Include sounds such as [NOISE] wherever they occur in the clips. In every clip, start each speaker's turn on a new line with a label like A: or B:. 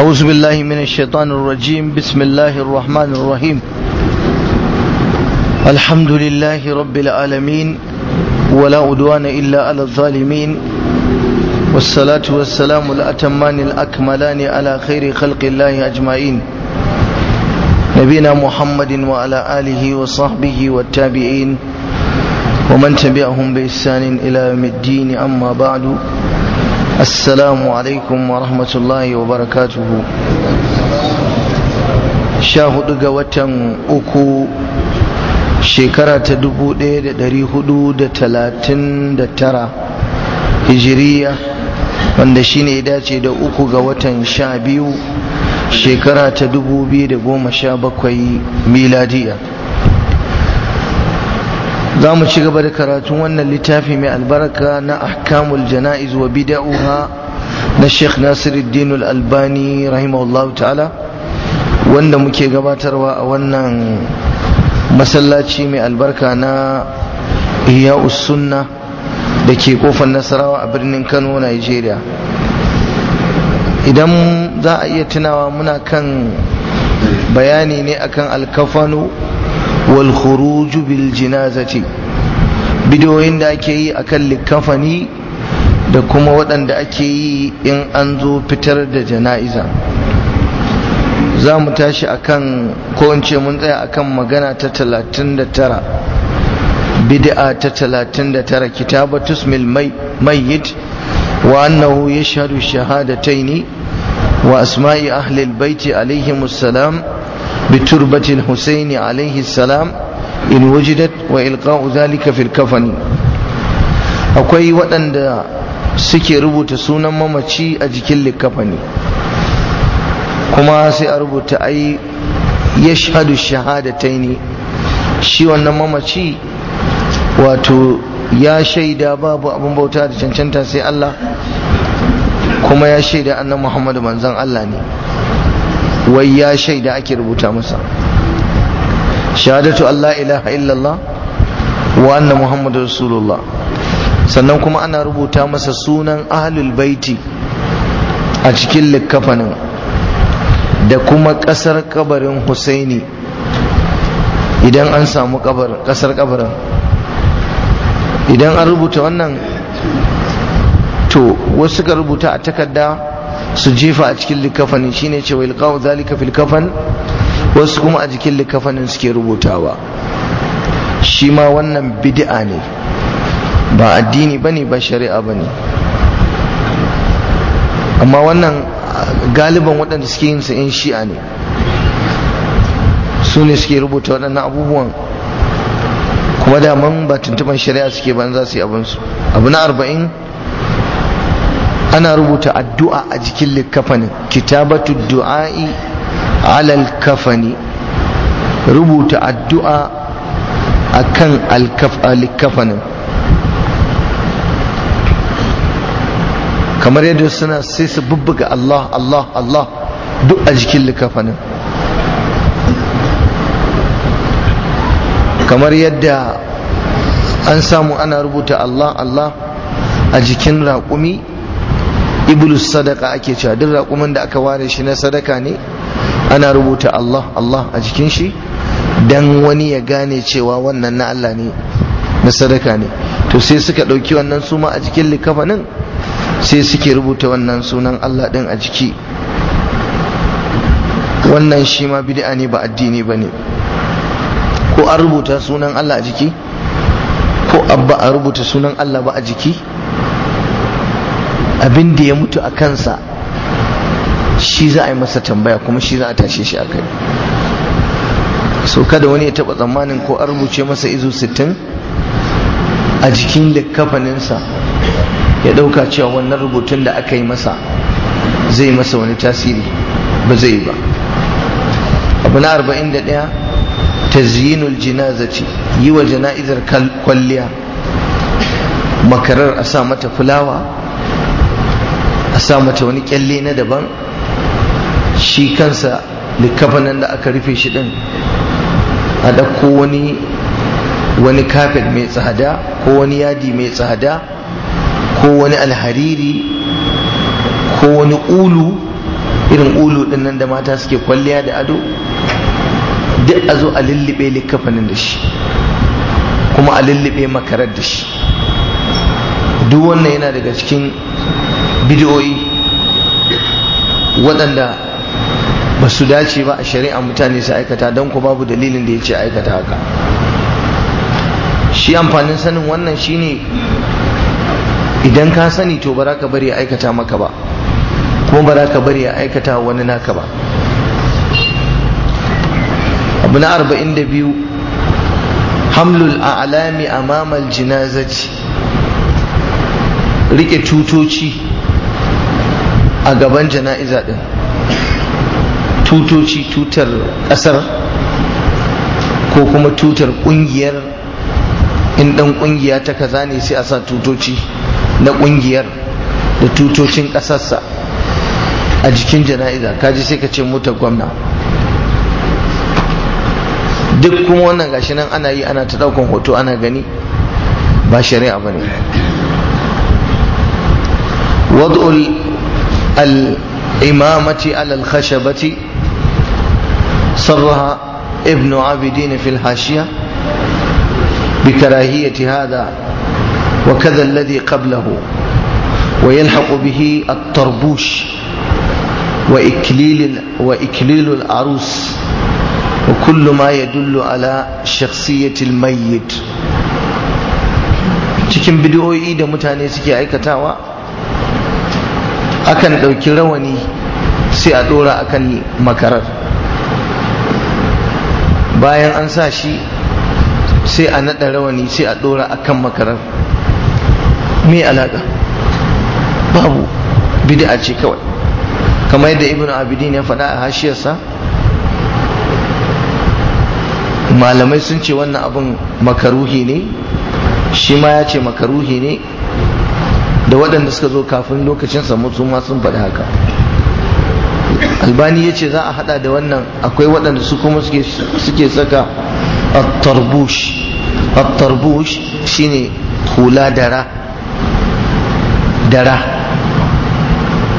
A: أعوذ بالله من الشيطان الرجيم بسم الله الرحمن الرحيم الحمد لله رب العالمين ولا عدوان إلا على الظالمين والصلاة والسلام الأتمان الأكملان على خير خلق الله أجمعين نبينا محمد وعلى آله وصحبه والتابعين ومن تبعهم بإحسان إلى يوم الدين أما بعد Assalamu alaikum wa rahmatullahi wa barakatu. Sha hudu ga watan uku shekara ta dubu ɗaya da ɗari hudu da talatin da tara Hijiriya wanda shi ne dace da uku ga watan sha biyu shekara ta dubu biyu da goma sha bakwai miladiyya za mu ci gaba da karatun wannan littafi mai albarka na ahkamul jana'iz wa bida'uha na sheikh nasiruddin al-albani rahimahullah ta'ala wanda muke gabatarwa a wannan masallaci mai albarka na iya sunna da ke kofar nasarawa a birnin kano nigeria idan za a iya tunawa muna kan bayani ne akan alkafanu wal khuruju bil bidiyoyin da ake yi a kan likafani da kuma waɗanda ake yi in an zo fitar da jana'iza za mu tashi a kan ce mun tsaya a kan magana ta 39 bid'a ta 39 kitabatus mil mayyit wa annahu yashhadu shahadataini wa asma'i ahli albayti alaihim assalam bi turbatil husaini alaihi salam in wujidat wa ilqa'u zalika fil kafani akwai waɗanda suke rubuta sunan mamaci a jikin likafani kuma sai a rubuta ai yashhadu shahadataini shi wannan mamaci wato ya shaida babu abin bauta da cancanta sai Allah kuma ya shaida annan Muhammadu manzon Allah ne wai ya shaida ake rubuta masa shahadatu Allah ilaha illallah wa anna muhammadu rasulullah sannan kuma ana rubuta masa sunan ahlul baiti a cikin likkafanin da kuma ƙasar kabarin husaini idan an samu ƙasar kabarin idan an rubuta wannan to wasu ka rubuta a takarda su jefa a cikin likkafanin shine ce wa zalika fil kafan wasu kuma a jikin likafanin suke rubutawa shi ma wannan bid'a ne ba addini ba ne ba shari'a ba ne amma wannan galiban waɗanda suke yin sa'in shi'a ne su ne suke rubuta waɗannan abubuwan kuma daman ba tuntuban shari'a suke ba za su yi abinsu abu na arba'in ana rubuta addu'a a jikin likafanin kitabatu du'a'i alal kafani rubuta addu'a a kan alkafanin kamar yadda suna sai su bubbuga Allah Allah Allah duk a jikin likafanin kamar yadda an samu ana rubuta Allah Allah a jikin raƙumi iblis sadaka ake cewa duk raƙumin da aka ware shi na sadaka ne ana rubuta Allah Allah a jikin shi dan wani ya gane cewa wannan na Allah ne na sadaka ne to sai suka ɗauki wannan suma a jikin likafanin sai suke rubuta wannan sunan Allah ɗin a jiki wannan shi ma bid'a ne ba addini ba ne ko an rubuta sunan Allah a jiki ko abba a rubuta sunan Allah ba a jiki abin da ya mutu a kansa shi za a yi masa tambaya kuma shi za a tashe shi a kai so kada wani ya taba tsammanin ko an rubuce masa izu 60 a jikin da kafaninsa ya dauka cewa wannan rubutun da aka yi masa zai masa wani tasiri ba zai ba abu na 41 ziyinul jinazati yi wa jana'izar kwalliya makarar a sa mata fulawa a sa mata wani kyalle na daban shi kansa likafanin da aka rufe shi din a ɗauko wani wani kafet mai tsada ko wani yadi mai tsada ko wani alhariri ko wani ulu irin ulu din nan da mata suke kwalliya da ado duk a zo a lullube likafanin da shi kuma a lullube makarar da shi duk wannan yana daga cikin bidiyoyi waɗanda ba su dace ba a shari'a mutane su aikata don ku babu dalilin da ya ce aikata haka shi amfanin sanin wannan shine idan ka sani to ba ka bari ya aikata maka ba kuma ba ka bari ya aikata wani naka ba abu na arba'in da biyu hamlul a'lami amamal jinazaci rike tutoci a gaban jana'iza din tutoci tutar ƙasar ko kuma tutar ƙungiyar in ɗan ƙungiya ta kaza ne sai a sa tutoci na ƙungiyar da tutocin ƙasarsa a jikin jana'iza kaji sai ka ce mutar gwamna duk kuma wannan gashi nan ana yi ana ta ɗaukan hoto ana gani ba shari'a ba ne wad'ul alimamati alal khashabati صرها ابن عابدين في الحاشية بكراهية هذا وكذا الذي قبله ويلحق به الطربوش وإكليل, وإكليل العروس وكل ما يدل على شخصية الميت cikin bidiyoyi da mutane suke aikatawa akan ɗauki rawani sai a ɗora akan makarar bayan an sa shi sai a naɗa rawani sai a ɗora a kan makarar me alaƙa babu bid'a ce kawai kamar yadda ibn abidin ya faɗa a hashiyarsa malamai sun ce wannan abin makaruhi ne shi ma ya ce makaruhi ne da waɗanda suka zo kafin lokacinsa mutum ma sun faɗi haka albani ya ce za a hada da wannan akwai waɗanda su kuma suke saka attarbush attarbush shine hula dara dara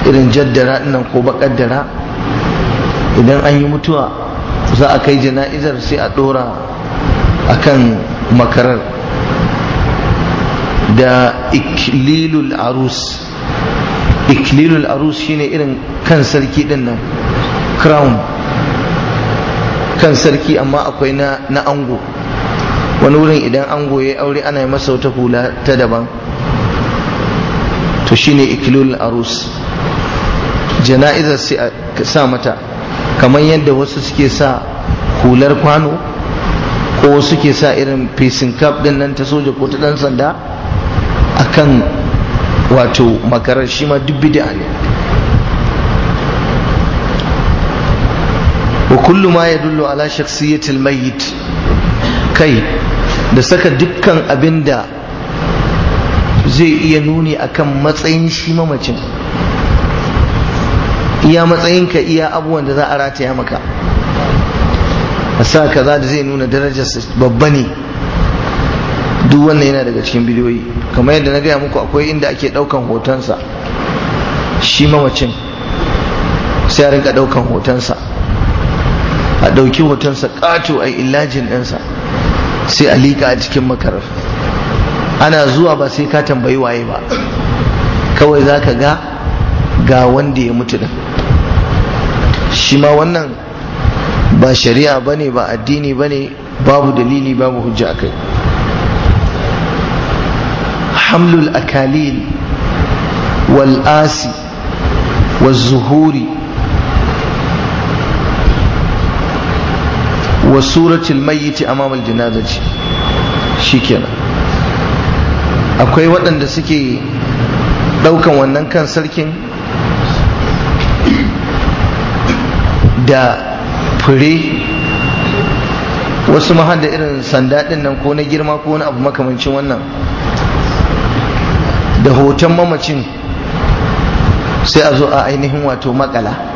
A: irin jaddara nan ko bakar dara idan an yi mutuwa za a kai jana'izar sai a ɗora a kan makarar da ikililul arus Ikililul arus shine irin kan sarki din nan crown kan sarki amma akwai na na ango wani wurin idan ango ya aure ana yi masa wata hula ta daban to shine ikilul arus jana'izar sai a sa mata kamar yadda wasu suke sa hular kwano ko suke sa irin facing cap din nan ta soja ko ta dan sanda akan wato makarar shi ma duk bid'a ne wa kullu ma yadullu ala shakhsiyatil mayyit kai da saka dukkan abinda zai iya nuni akan matsayin shi mamacin iya matsayinka iya abubuwan da za a rataya maka a sa kaza da zai nuna darajarsa babba ne duk wannan yana daga cikin bidiyoyi kamar yadda na gaya muku akwai inda ake ɗaukan hotonsa shi mamacin sai a rinka ɗaukan hotonsa a ɗauki hotonsa kato a ilajin ɗansa sai a liƙa a cikin makarar ana zuwa ba sai ka tambayi waye ba kawai za ka ga ga wanda ya mutu din shi ma wannan ba shari'a ba ne ba addini ba ne babu dalili babu hujja a kai hamlul akalil wal'asi zuhuri. wa suratul mayyiti amam janazati shikenan akwai waɗanda suke ɗaukan wannan kan sarkin da fure wasu ma da irin sanda ɗin nan ko na girma ko wani abu makamancin wannan da hoton mamacin sai a zo a ainihin wato makala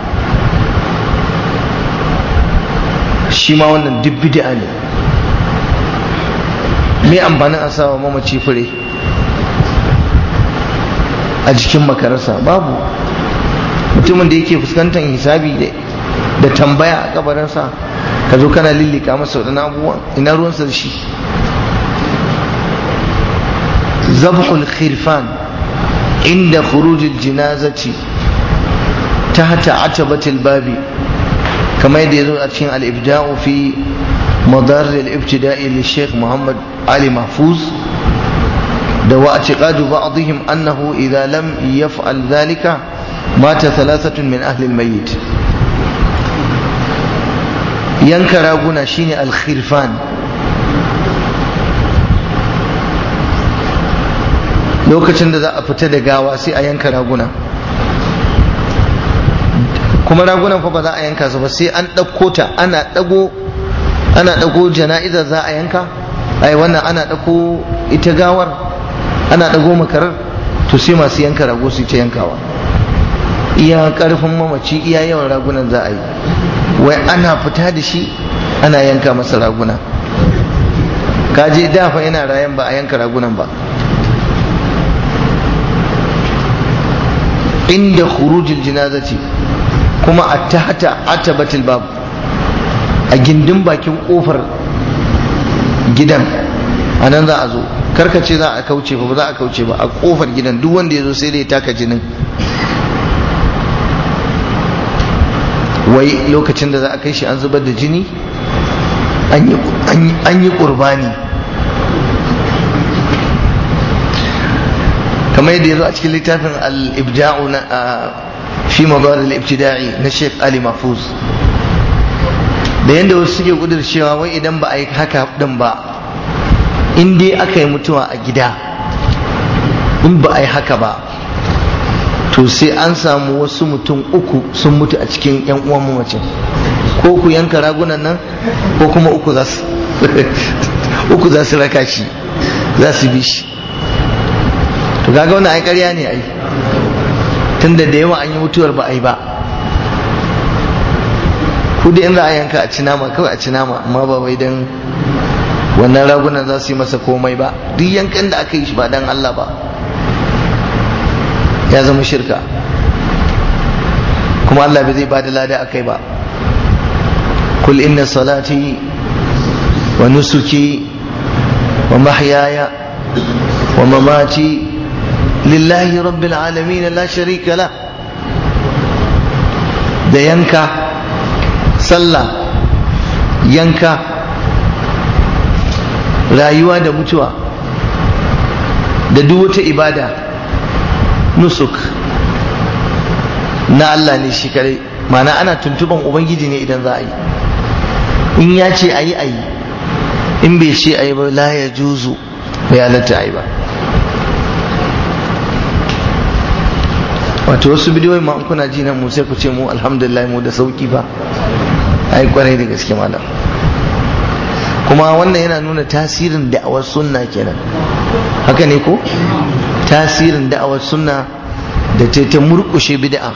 A: shi ma wannan duk bid'a ne me amfanin a sawa mamaci fure a jikin makararsa babu mutumin da yake fuskantar hisabi da tambaya a kabarinsa ka zo kana lillika masa wadannan abubuwan ina Zabkun sarshi inda zabhul khirfan inda khurujil jinazati hata atabatil babi kamar yadda ya zo a cikin al’ibda’u fi madar al’ibtida’i da sheikh muhammad ali mahfuz da wa a cika duba a zuhim annahu idalam ya fa’al zalika mata salasatun min ahlil mayyit yanka raguna shine alkhirfan lokacin da za a fita da gawa sai a yanka raguna kuma ragunan fa ba za a yanka su ba sai an ɗauko ta ana ɗago ana ɗago jana'iza za a yanka ai wannan ana ɗago ita gawar ana ɗago makarar to sai masu yanka rago su ta yankawa iya ƙarfin mamaci iya yawan ragunan za a yi wai ana fita da shi ana yanka masa raguna kaje dafa ina rayan ba a yanka ragunan ba inda khurujil jinazati kuma a ta tahta atabatil bab a gindin bakin kofar gidan a nan za a zo karkace za a kauce ba ba za a kauce ba a kofar gidan duk wanda ya zo sai dai taka jinin wai lokacin da za a kai shi an zubar da jini an yi ƙurbani kamar yadda ya zo a cikin littafin al-ibda'u na fi mazar al-ibtida'i na Sheikh Ali Mahfuz da yanda wasu suke cewa wai idan ba a yi haka din ba in dai aka yi mutuwa a gida in ba a yi haka ba to sai an samu wasu mutum uku sun mutu a cikin yan uwan mamacin ko ku yanka ragunan nan ko kuma uku za su [LAUGHS] raka shi za su bi shi to gaga wannan ai ƙarya ne ai tunda da yawa an yi mutuwar ba a yi ba kudi in za a yanka a ci kawai a ci nama amma ba wai dan wannan ragunan za su yi masa komai ba duk yankan da aka yi shi ba don Allah ba ya zama shirka kuma Allah bai zai da lada a kai ba kul inna salati wa nusuki wa mahyaya wa mamati lillahi rabbil alamin la sharika la da yanka sallah yanka rayuwa da mutuwa da duk wata ibada nusuk na Allah ne shi kadai mana ana tuntuban ubangiji ne idan za a yi in ya ce a in bai ce ayi yi ba la ya juzu bai halatta a yi ba wato wasu bidiyoyi ma kuna ji nan mu sai ku ce mu alhamdulillah mu da sauki ba ai kwarai da gaske malam kuma wannan yana nuna tasirin da'awar sunna kenan haka ne ko tasirin da'awar sunna da ta ta murkushe bid'a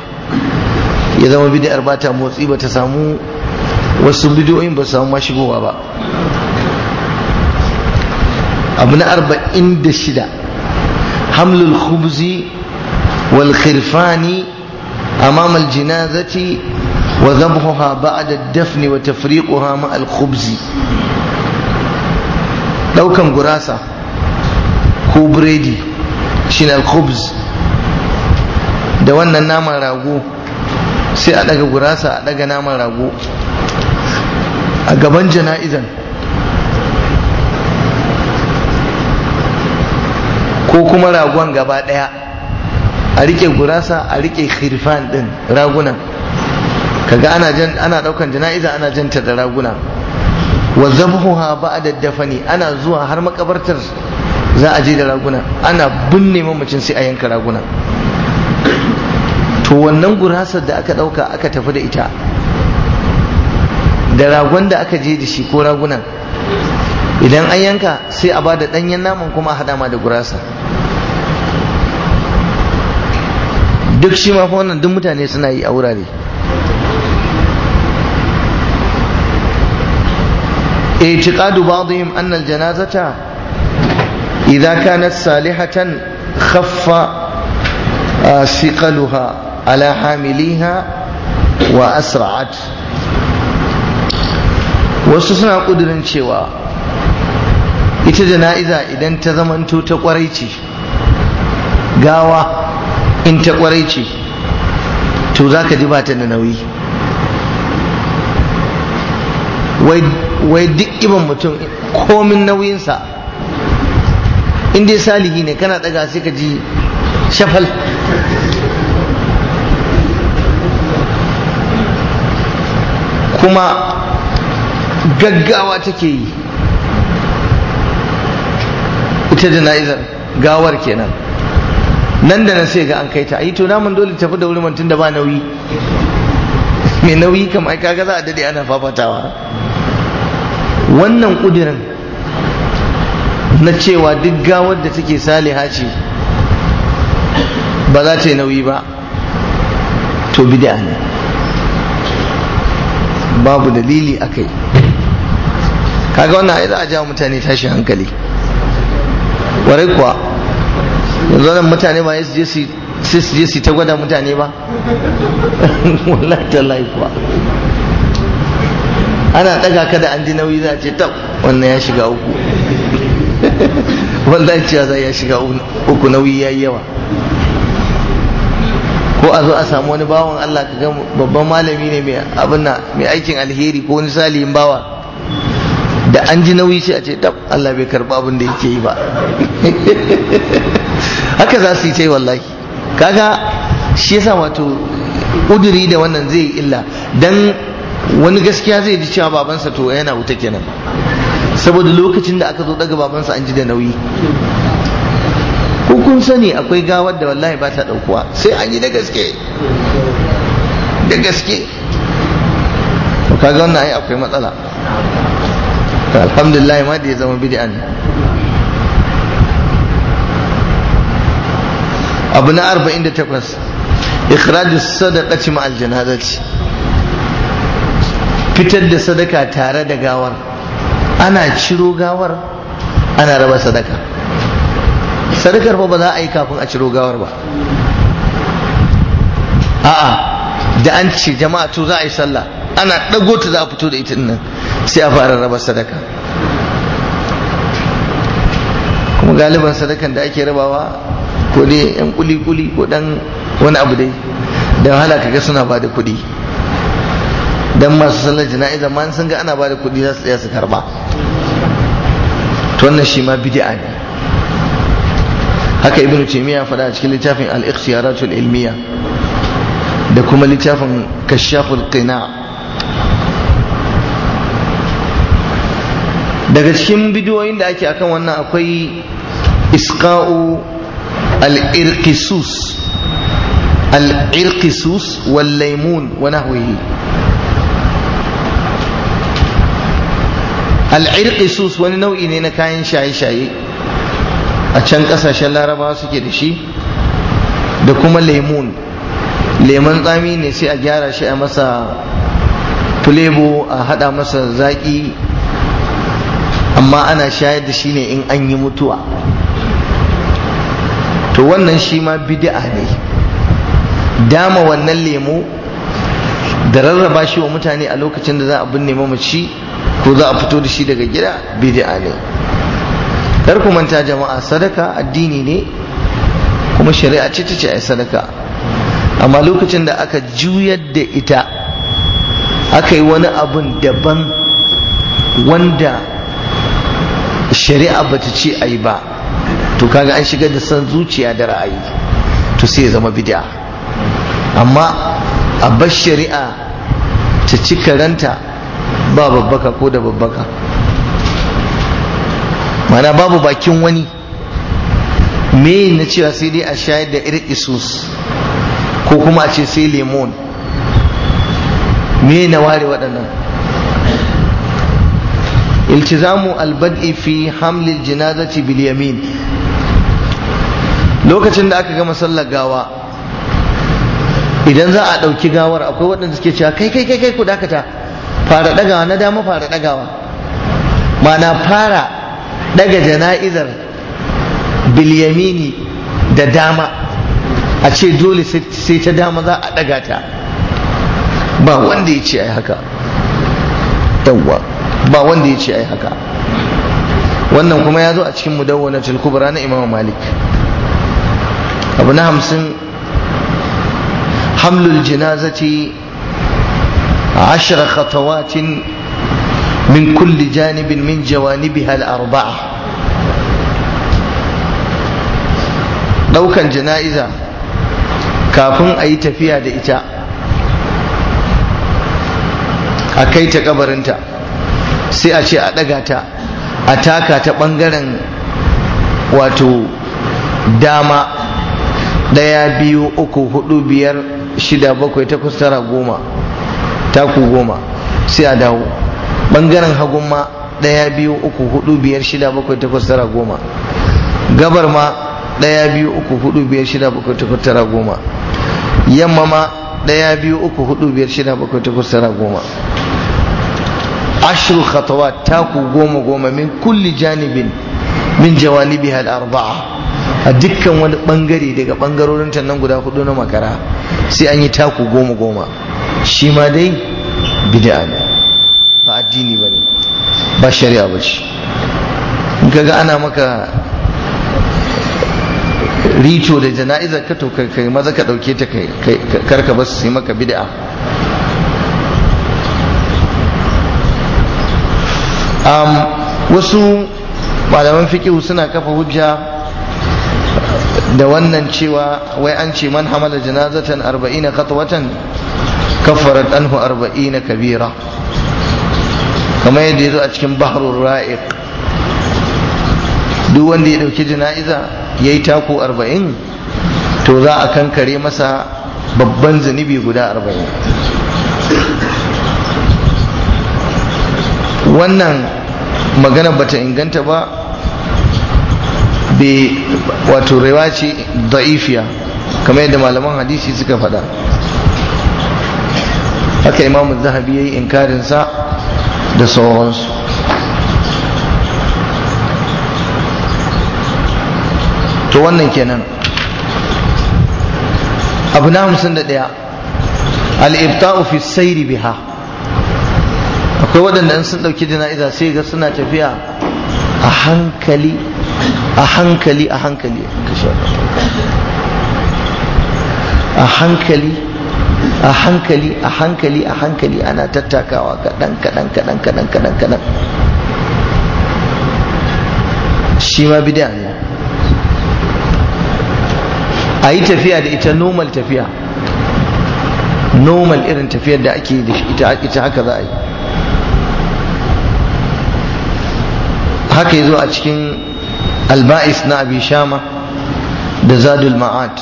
A: ya zama bid'ar ba ta motsi ba ta samu wasu bidiyoyin ba su samu mashigowa ba abu na arba'in da shida hamlul khubzi والخرفان أمام الجنازة وذبحها بعد الدفن وتفريقها مع الخبز لو كم قراسة كوبريدي شين الخبز da wannan naman rago sai a daga gurasa a daga naman rago a gaban jana'izan ko kuma ragon gaba ɗaya. a rike gurasa a rike khirfan din raguna kaga ana jan ana daukan jana'iza ana janta da raguna wa zabhuha ba'da dafani ana zuwa har makabartar za a je da raguna ana binne mamacin sai a yanka raguna to wannan gurasar da aka dauka aka tafi da ita da ragon da aka je da shi ko ragunan idan an yanka sai a bada danyen naman kuma a hada ma da gurasa duk shi ma wannan duk mutane suna yi a wurare اعتقاد بعضهم أن الجنازة إذا كانت صالحة خف ثقلها على حامليها وأسرعت wasu suna ƙudurin cewa ita jana'iza idan ta zamanto ta kwarai ce gawa in ta kwarai ce to za ka ji ba ta da nauyi wai duk iban mutum komin nauyinsa in dai salihi ne kana daga sai ka ji shafal kuma gaggawa take yi ita da jana'izar gawar kenan nan da nan sai ga an kai ta ai to naman dole tafi da wuri tun da ba nauyi mai nauyi kam ai kaga za a dade ana fafatawa wannan kudirin na cewa duk gawar da take saliha ce ba za ta yi nauyi ba to bid'a ne babu dalili akai kaga wannan ai za a jawo mutane tashi hankali warai kuwa yanzu nan mutane ba ya su sai su je su ta gwada mutane ba [LAUGHS] wallahi ta laifuwa ana daga ka da an ji nauyi za a ce tab wannan ya shiga uku [LAUGHS] wallahi cewa za ya shiga uku nauyi ya yi yawa ko a zo a samu wani bawan Allah ka ga babban malami ne mai mai aikin alheri ko wani salihin bawa da an ji nauyi sai a ce dab Allah bai karba abin da yake yi ba [LAUGHS] haka za su yi ce wallahi kaga shi yasa wato udiri da wannan zai yi illa dan wani gaskiya zai ji cewa babansa to yana wuta kenan saboda lokacin da aka zo daga babansa an ji da nauyi ko kun sani akwai gawar da wallahi ba ta daukuwa sai an yi da gaske da gaske kaga wannan ai akwai matsala alhamdulillah ma da ya zama bid'a ne abu na 48 ikhraju sadaqati ma'al janazati fitar da sadaka tare da gawar ana ciro gawar ana raba sadaka sadakar ba za a yi kafin a ciro gawar ba a'a da an ce jama'a to za a yi sallah ana ɗago ta za a fito da ita nan sai a fara raba sadaka kuma galiban sadakan da ake rabawa ko dai yan kuli-kuli ko dan wani abu dai don wahala kaga suna ba da kuɗi don masu sallar jana'iza ma sun ga ana ba da kuɗi za su tsaya su karba to wannan shi ma bid'a ne haka ibnu taymiya faɗa a cikin littafin al-ikhtiyaratul ilmiya da kuma littafin kashaful qina daga cikin bidiyoyin da ake akan wannan akwai isqa'u al-irqisus al-irqisus wal laymun wa nahwihi al-irqisus wani nau'i ne na kayan shaye-shaye a can kasashen larabawa suke da shi da kuma lemun leman tsami ne sai a gyara shi a masa filebo a haɗa masa zaƙi amma ana shayar da shi ne in an yi mutuwa to wannan shi ma bid'a ne dama wannan lemo da rarraba shi wa mutane a lokacin da za a binne mamaci ko za a fito da shi daga gida bid'a ne manta jama'a sadaka addini ne kuma shari'a ce ta ce yi sadaka amma lokacin da aka juyar da ita aka yi wani abun daban wanda shari'a bata ce a yi ba to kaga an shigar da san zuciya da ra'ayi to sai ya zama bid'a amma a bar shari'a ta ci karanta ba babbaka ko da babbaka mana babu bakin wani me na cewa sai dai a shayar da irin isus ko kuma a ce sai lemon me na ware waɗannan iltizamu albad'i fi hamlil janazati bil yamin lokacin da aka gama sallar gawa idan za a ɗauki gawar akwai waɗanda suke cewa kai kai kai ku dakata fara ɗagawa na dama fara ɗagawa mana fara ɗaga jana'izar bilyamini da dama a ce dole sai ta dama za a ɗaga ta ba wanda ya ce ai haka yawwa ba wanda ya ce ai haka wannan kuma ya zo a cikin mudawwanatul kubra na imam malik abu na hamsin hamlul jinazati عشر خطوات من كل جانب من جوانبها الأربعة لو كان جنائزة كافن أي تفيها لإتاء a kai ta kabarinta sai a ce a ɗaga ta a taka ta ɓangaren wato dama ɗaya biyu uku hudu biyar shida bakwai takwas tara goma taku goma sai a dawo ɓangaren hagun ma ɗaya biyu uku hudu biyar shida bakwai takwas tara goma gabar ma ɗaya biyu uku hudu biyar shida bakwai takwas tara goma yamma ma ɗaya biyu uku hudu biyar shida bakwai takwas tara goma ashru khatawat taku goma goma min kulli janibin min jawanibiha al-arba'a a dukkan wani bangare daga bangarorin nan guda hudu na makara sai an yi taku goma goma shi ma dai bid'a ne ba addini ba ne ba shari'a ba ce kaga ana maka rito da jana'izar ka to kai maza ka dauke ta kai karka basu su yi maka bid'a wasu malaman fikihu suna kafa hujja da wannan cewa wai an ce man hamala janazatan arba'ina khatwatan kaffarat anhu arba'ina kabira kamar yadda ya zo a cikin bahrul ra'iq duk wanda ya ɗauki jana'iza yi taku arba'in to za a kankare masa babban zunubi guda arba'in wannan magana bata inganta ba wato rewaci ce da'ifiya kamar yadda malaman hadisi suka faɗa haka imamu zahabi ya yi inkarinsa da sauransu to wannan kenan abu na hamsin da ɗaya al-ibta'u fi sayri biha akwai waɗanda in sun ɗauki jana'iza sai ga suna tafiya a hankali a hankali a hankali a hankali a hankali a hankali a hankali ana tattakawa kaɗan kaɗan kaɗan kaɗan kaɗan kaɗan shi ma bi ne a yi tafiya da ita normal tafiya normal irin tafiyar da ake da ita haka za a yi haka zo a cikin alba'is na abi shama da zadul ma'ad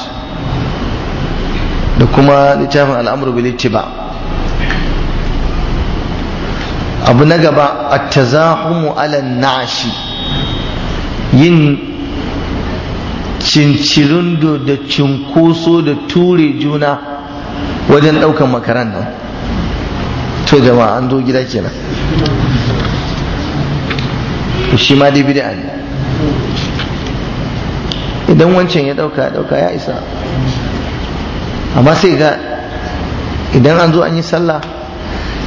A: da kuma littafin al'amru bil ittiba abu na gaba at-tazahumu ala shi yin cincirindo da cinkoso da ture juna wajen ɗaukan makaranta, nan to jama'a an zo gida kenan shi ma dai bid'a ne idan wancan ya dauka ya dauka ya isa amma sai ga idan an zo an yi sallah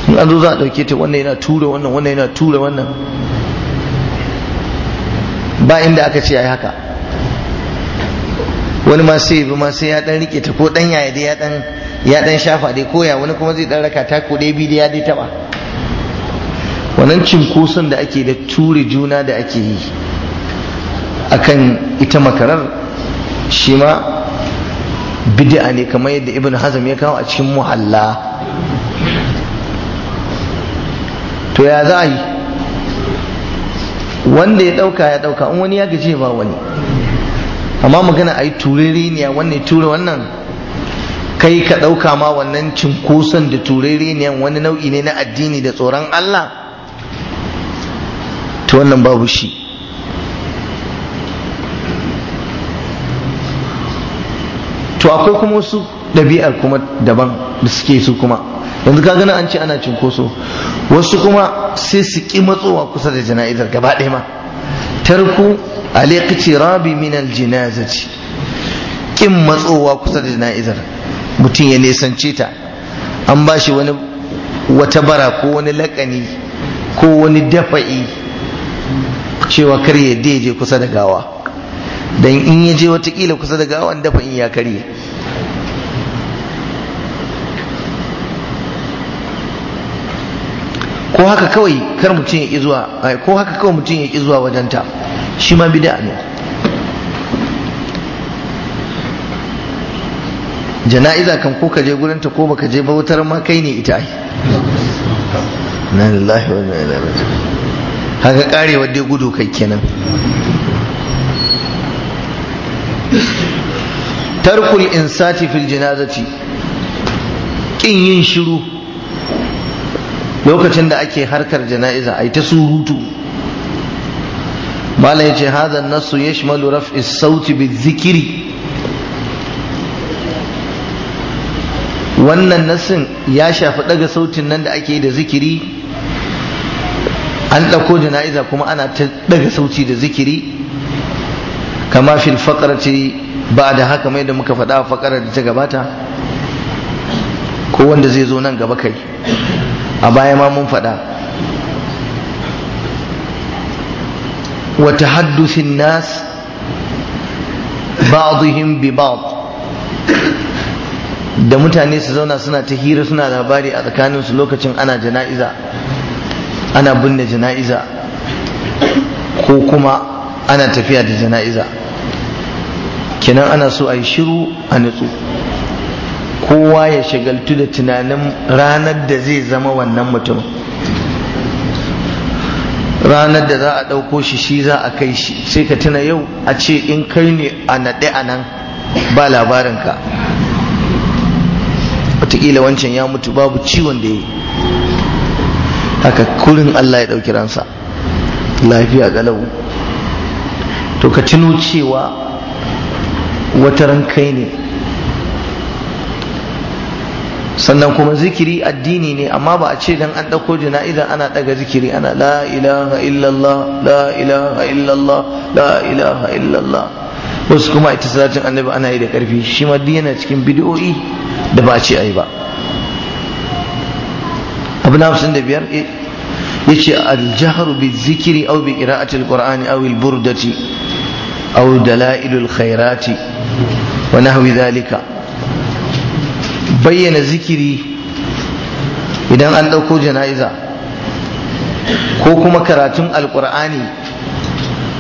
A: in an zo za a dauke ta wannan yana tura wannan wannan yana tura wannan ba inda aka ce yi haka wani ma sai bi ma sai ya dan rike ta ko dan yaya dai ya dan ya dan shafa dai koya wani kuma zai dan raka ta ko dai bi dai ya dai taba wannan cinkoson da ake da ture juna da ake yi akan ita makarar shi ma bid'a ne kamar yadda ibn hazm ya kawo a cikin muhalla to ya za a yi wanda ya dauka ya dauka in wani ya gaje ba wani amma magana a yi turereniya wannan ture wannan kai ka dauka ma wannan cinkoson da turereniyan wani nau'i ne na addini da tsoron Allah to wannan babu shi to akwai kuma wasu ɗabi'ar kuma daban da suke su kuma yanzu ka gani an ce ana cinkoso wasu kuma sai su ƙi matsowa kusa da jana'izar gaba ɗaya ma tarku alaikaci rabi minal jinazati ƙin matsowa kusa da jana'izar mutum ya nesance ta an ba shi wani wata bara ko wani laƙani ko wani dafa'i cewa kar ya yadda je kusa da gawa dan in ya je watakila kusa da gawan dafa in ya karye ko haka kawai kar mutum ya ki zuwa eh, ko haka kawai mutum ya zuwa wajenta shi ma bid'a ne jana'iza kan ko ka je gurin ta ko baka je bautar ma kai ne ita ai na lillahi wa inna ilaihi raji'un haka karewa dai gudu kai kenan tarkul insati fil janazati kin yin shiru lokacin da ake harkar jana'iza ai ta surutu bala yace hadha an nasu yashmalu raf'i as-sauti bizikri wannan nasin ya shafi daga sautin nan da ake yi da zikiri an ɗauko jana'iza kuma ana ta ɗaga sauci da zikiri kama fil ce, ba da haka mai da muka faɗa a da ta gabata ko wanda zai zo nan gaba kai a baya ma mun faɗa wata haddufin nas ba'dihim bi ba'd da mutane su zauna suna ta hira suna labari a tsakaninsu lokacin ana jana'iza ana binne jana'iza ko kuma ana tafiya da jana'iza kenan ana so a yi shiru a nutsu kowa ya shagaltu da tunanin ranar da zai zama wannan mutum ranar da za a ɗauko shi shi za a kai shi sai ka tuna yau a ce in kai ne a naɗe a nan ba labarinka wataƙila wancan ya mutu babu ciwon da ya yi haka kurin Allah ya ɗauki ransa lafiya galau to ka tuno cewa wata ran kai ne sannan kuma zikiri addini ne amma ba a ce dan an ɗauko jana'iza ana ɗaga zikiri ana la ilaha illallah la ilaha illallah la ilaha illallah wasu kuma ita salatin annabi ana yi da ƙarfi shi ma yana cikin bidiyoyi da ba a ce ayi ba abu na hamsin da biyar eh, ya ce aljaharu bi zikiri au bi ƙira'atul qur'ani au il burdati au dala'ilul khairati wa nahwi zalika bayyana zikiri idan an ɗauko jana'iza ko kuma karatun alƙur'ani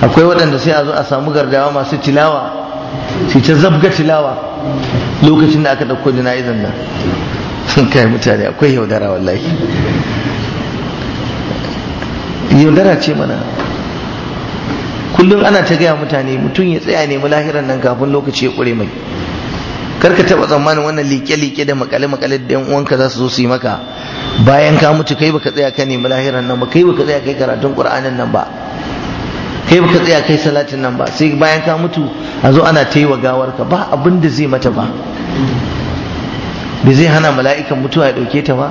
A: akwai waɗanda sai a zo a samu gardawa masu tilawa su ta zabga tilawa lokacin da aka ɗauko jana'izan nan sun kai mutane akwai yaudara wallahi yaudara ce mana kullum ana ta gaya mutane mutum ya tsaya nemi lahiran nan kafin lokaci ya ƙure mai kar ka taɓa tsammanin wannan liƙe-liƙe da makale-makale da yan uwanka za su zo su yi maka bayan ka mutu kai baka tsaya ka nemi lahiran nan ba kai baka tsaya kai karatun ƙur'anin nan ba kai baka tsaya kai salatin nan ba sai bayan ka mutu a zo ana ta yi wa gawarka ba abin da zai mata ba bai zai hana mala'ikan mutuwa ya ɗauke ta ba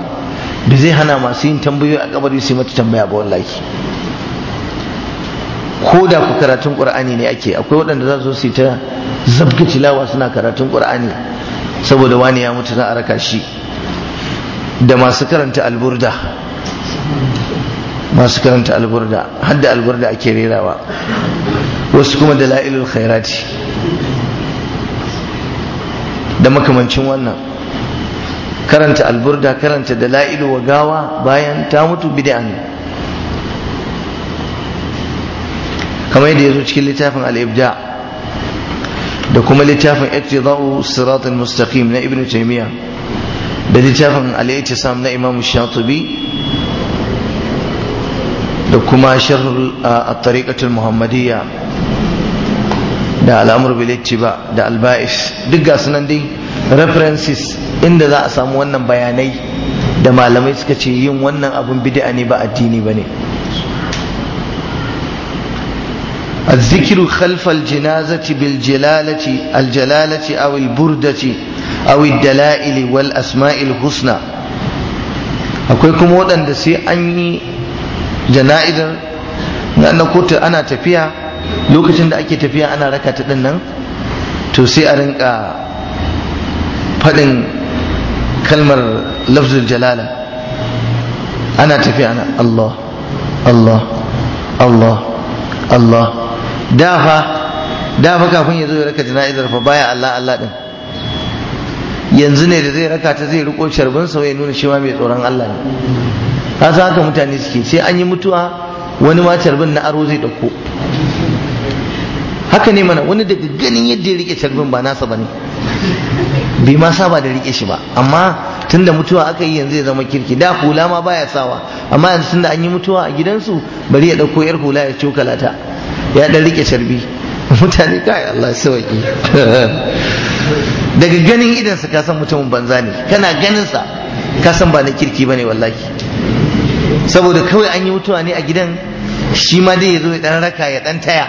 A: bai zai hana masu yin tambayoyi a kabari su yi mata tambaya ba wallahi ko da ku karatun qur'ani ne ake akwai waɗanda za su yi ta zabga tilawa suna karatun qur'ani saboda wani ya mutu za a raka shi da masu karanta alburda masu karanta alburda hadda alburda ake rerawa wasu kuma da la'ilul khairati da makamancin wannan karanta alburda karanta dala'ilu wa gawa bayan ta mutu bid'a ne kamar yadda ya zo cikin littafin al da kuma littafin iqtida'u siratal mustaqim na ibnu taymiya da littafin al na imam shatibi da kuma sharh at-tariqatul muhammadiyya da al'amur bil ittiba da Alba'is bais duk gasu nan dai references inda za a samu wannan bayanai da malamai suka ce yin wannan abun bid'a ne ba addini ba ne الذكر خلف الجنازة بالجلالة الجلالة أو البردة أو الدلائل والأسماء الحسنى akwai kuma waɗanda sai an yi jana'idar na kotu ana tafiya lokacin da ake tafiya ana raka ta ɗin to sai a rinka faɗin kalmar lafzul jalala ana tafiya na Allah Allah Allah Allah dafa dafa kafin ya zo ya raka jana'izar fa baya Allah Allah din yanzu ne da zai raka ta zai riko sharbin sa ya nuna cewa mai tsoron Allah ne hasa haka mutane suke sai an yi mutuwa wani ma sharbin na aro zai dauko haka ne mana wani daga ganin yadda ya rike sharbin ba nasa bane bai ma saba da rike shi ba amma tunda mutuwa aka yi yanzu ya zama kirki da hula ma baya sawa amma yanzu tunda an yi mutuwa a gidansu bari ya dauko yar hula ya cokalata ya dan rike carbi [LAUGHS] mutane kai Allah sauki [LAUGHS] daga ganin idan sa ka san mutumin banza ne kana ganin sa ka san ba na kirki bane wallahi saboda kawai an yi mutuwa ne a gidan shi ma dai ya ya dan raka ya dan taya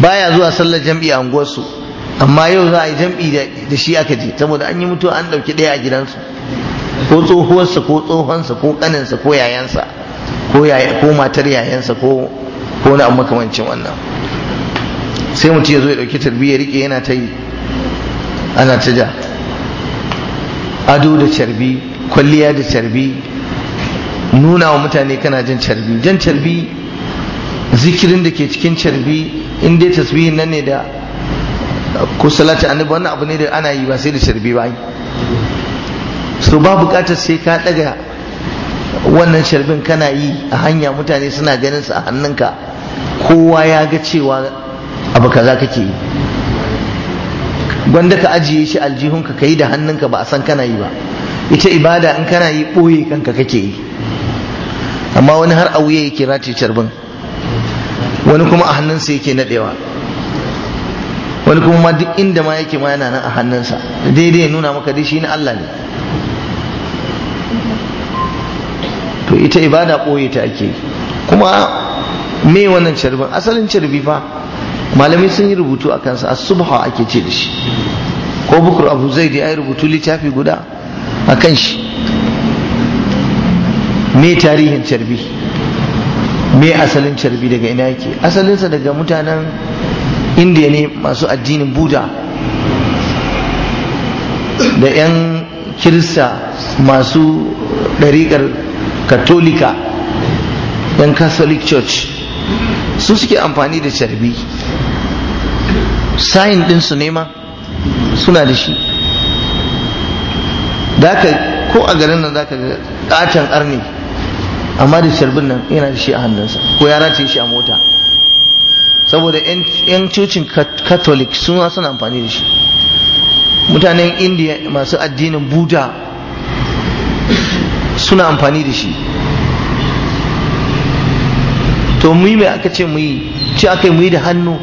A: baya zuwa sallar jam'i a unguwarsu amma yau za a yi jam'i da shi aka je saboda an yi mutuwa an ɗauki ɗaya a gidansu ko tsohuwarsa ko tsohonsa ko ƙaninsa ko yayansa ko matar yayansa ko wani abu makamancin wannan sai mutum ya zo ya ɗauki tarbiyya rike yana ta yi ana ta ja ado da carbi kwalliya da carbi nuna wa mutane kana jan carbi jan carbi zikirin da ke cikin carbi in dai tasbihin nan ne da ko salati annabi wannan abu ne da ana yi ba sai da sharbi ba so ba bukatar sai ka daga wannan sharbin kana yi a hanya mutane suna ganin su a hannunka kowa ya ga cewa abu kaza kake yi gwanda ka ajiye shi aljihunka ka yi da hannunka ba a san kana yi ba ita ibada in kana yi ɓoye kanka kake yi amma wani har a wuya yake rataye sharbin wani kuma a hannunsa yake naɗewa wani kuma ma duk inda ma yake ma yana nan a hannunsa daidai ya nuna maka dai shi na Allah ne to ita ibada ɓoye ta ake kuma me wannan carbin asalin carbi fa malamai sun yi rubutu a kansa as-subha ake ce da shi ko bukur abu zai da ya rubutu littafi guda a kan shi me tarihin carbi me asalin carbi daga ina yake asalinsa daga mutanen indiya ne masu addinin buda da 'yan kirista masu ɗariƙar katolika 'yan catholic church su suke amfani da carbi sayin ɗinsu su nema suna da shi ko a garin nan zaka ga ƙaton arni amma da carbin nan yana da shi a hannunsa ko ya rataye shi a mota saboda yan cocin catholic suna suna amfani da shi mutanen indiya masu addinin buda suna amfani da shi to mu mai aka ce mu yi ce aka yi mu yi da hannu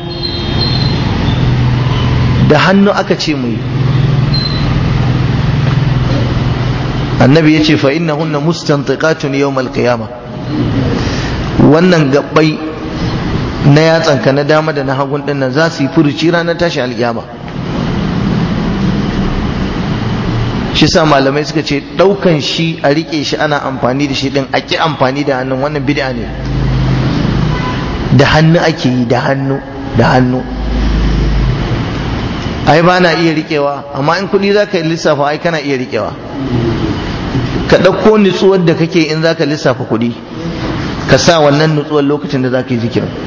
A: da hannu aka ce mu yi annabi ya ce fa'in na hunna mustantiƙatun yau malƙiyama wannan gabbai na yatsanka na dama da na hagun dinnan za su yi furuci ranar tashi alkiyama shi sa malamai suka ce ɗaukan shi a riƙe shi ana amfani da shi ɗin a ƙi amfani da hannun wannan bid'a ne da hannu ake yi da hannu da hannu ai ba na iya riƙewa amma in kuɗi za ka lissafa ai kana iya riƙewa ka ɗauko nutsuwar da kake in za ka lissafa kuɗi ka sa wannan nutsuwar lokacin da za ka yi zikirin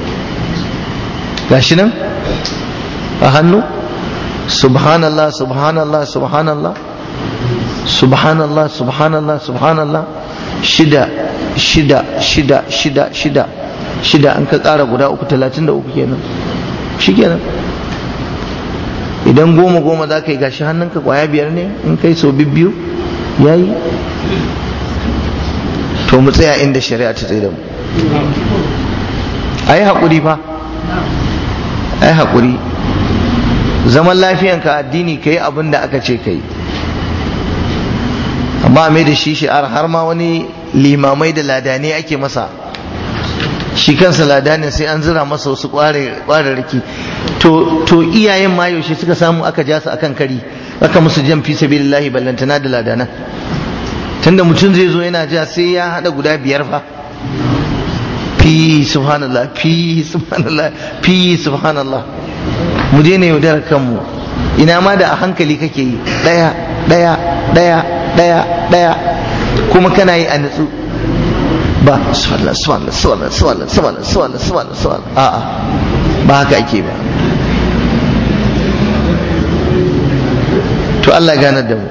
A: gashi nan a hannu subhanallah subhanallah subhanallah subhanallah subhanallah subhanallah shida shida shida shida shida shida an ka tsara guda uku talatin da uku kenan shi kenan idan goma goma za ka yi gashi hannunka kwaya biyar ne in kai so bibbiyu ya yi to mu tsaya inda shari'a ta tsaye da mu a yi haƙuri fa ai haƙuri zaman ka addini ka yi abin da aka ce ka yi amma mai da shi shi'ar har ma wani limamai da ladani ake masa shi kansa ladanin sai an zira masa wasu ƙwararraki to iyayen ma yaushe suka samu aka ja su akan kari aka musu jan fi sabilillahi ballantana da ladanan tunda mutum zai zo yana ja sai ya haɗa guda biyar fa fi subhanallah fi subhanallah fi subhanallah mu daina yaudarar kanmu ina ma da a hankali kake yi daya daya daya daya daya kuma kana yi a nutsu ba subhanallah subhanallah subhanallah subhanallah subhanallah subhanallah subhanallah a'a ba haka ake ba to Allah ganar da mu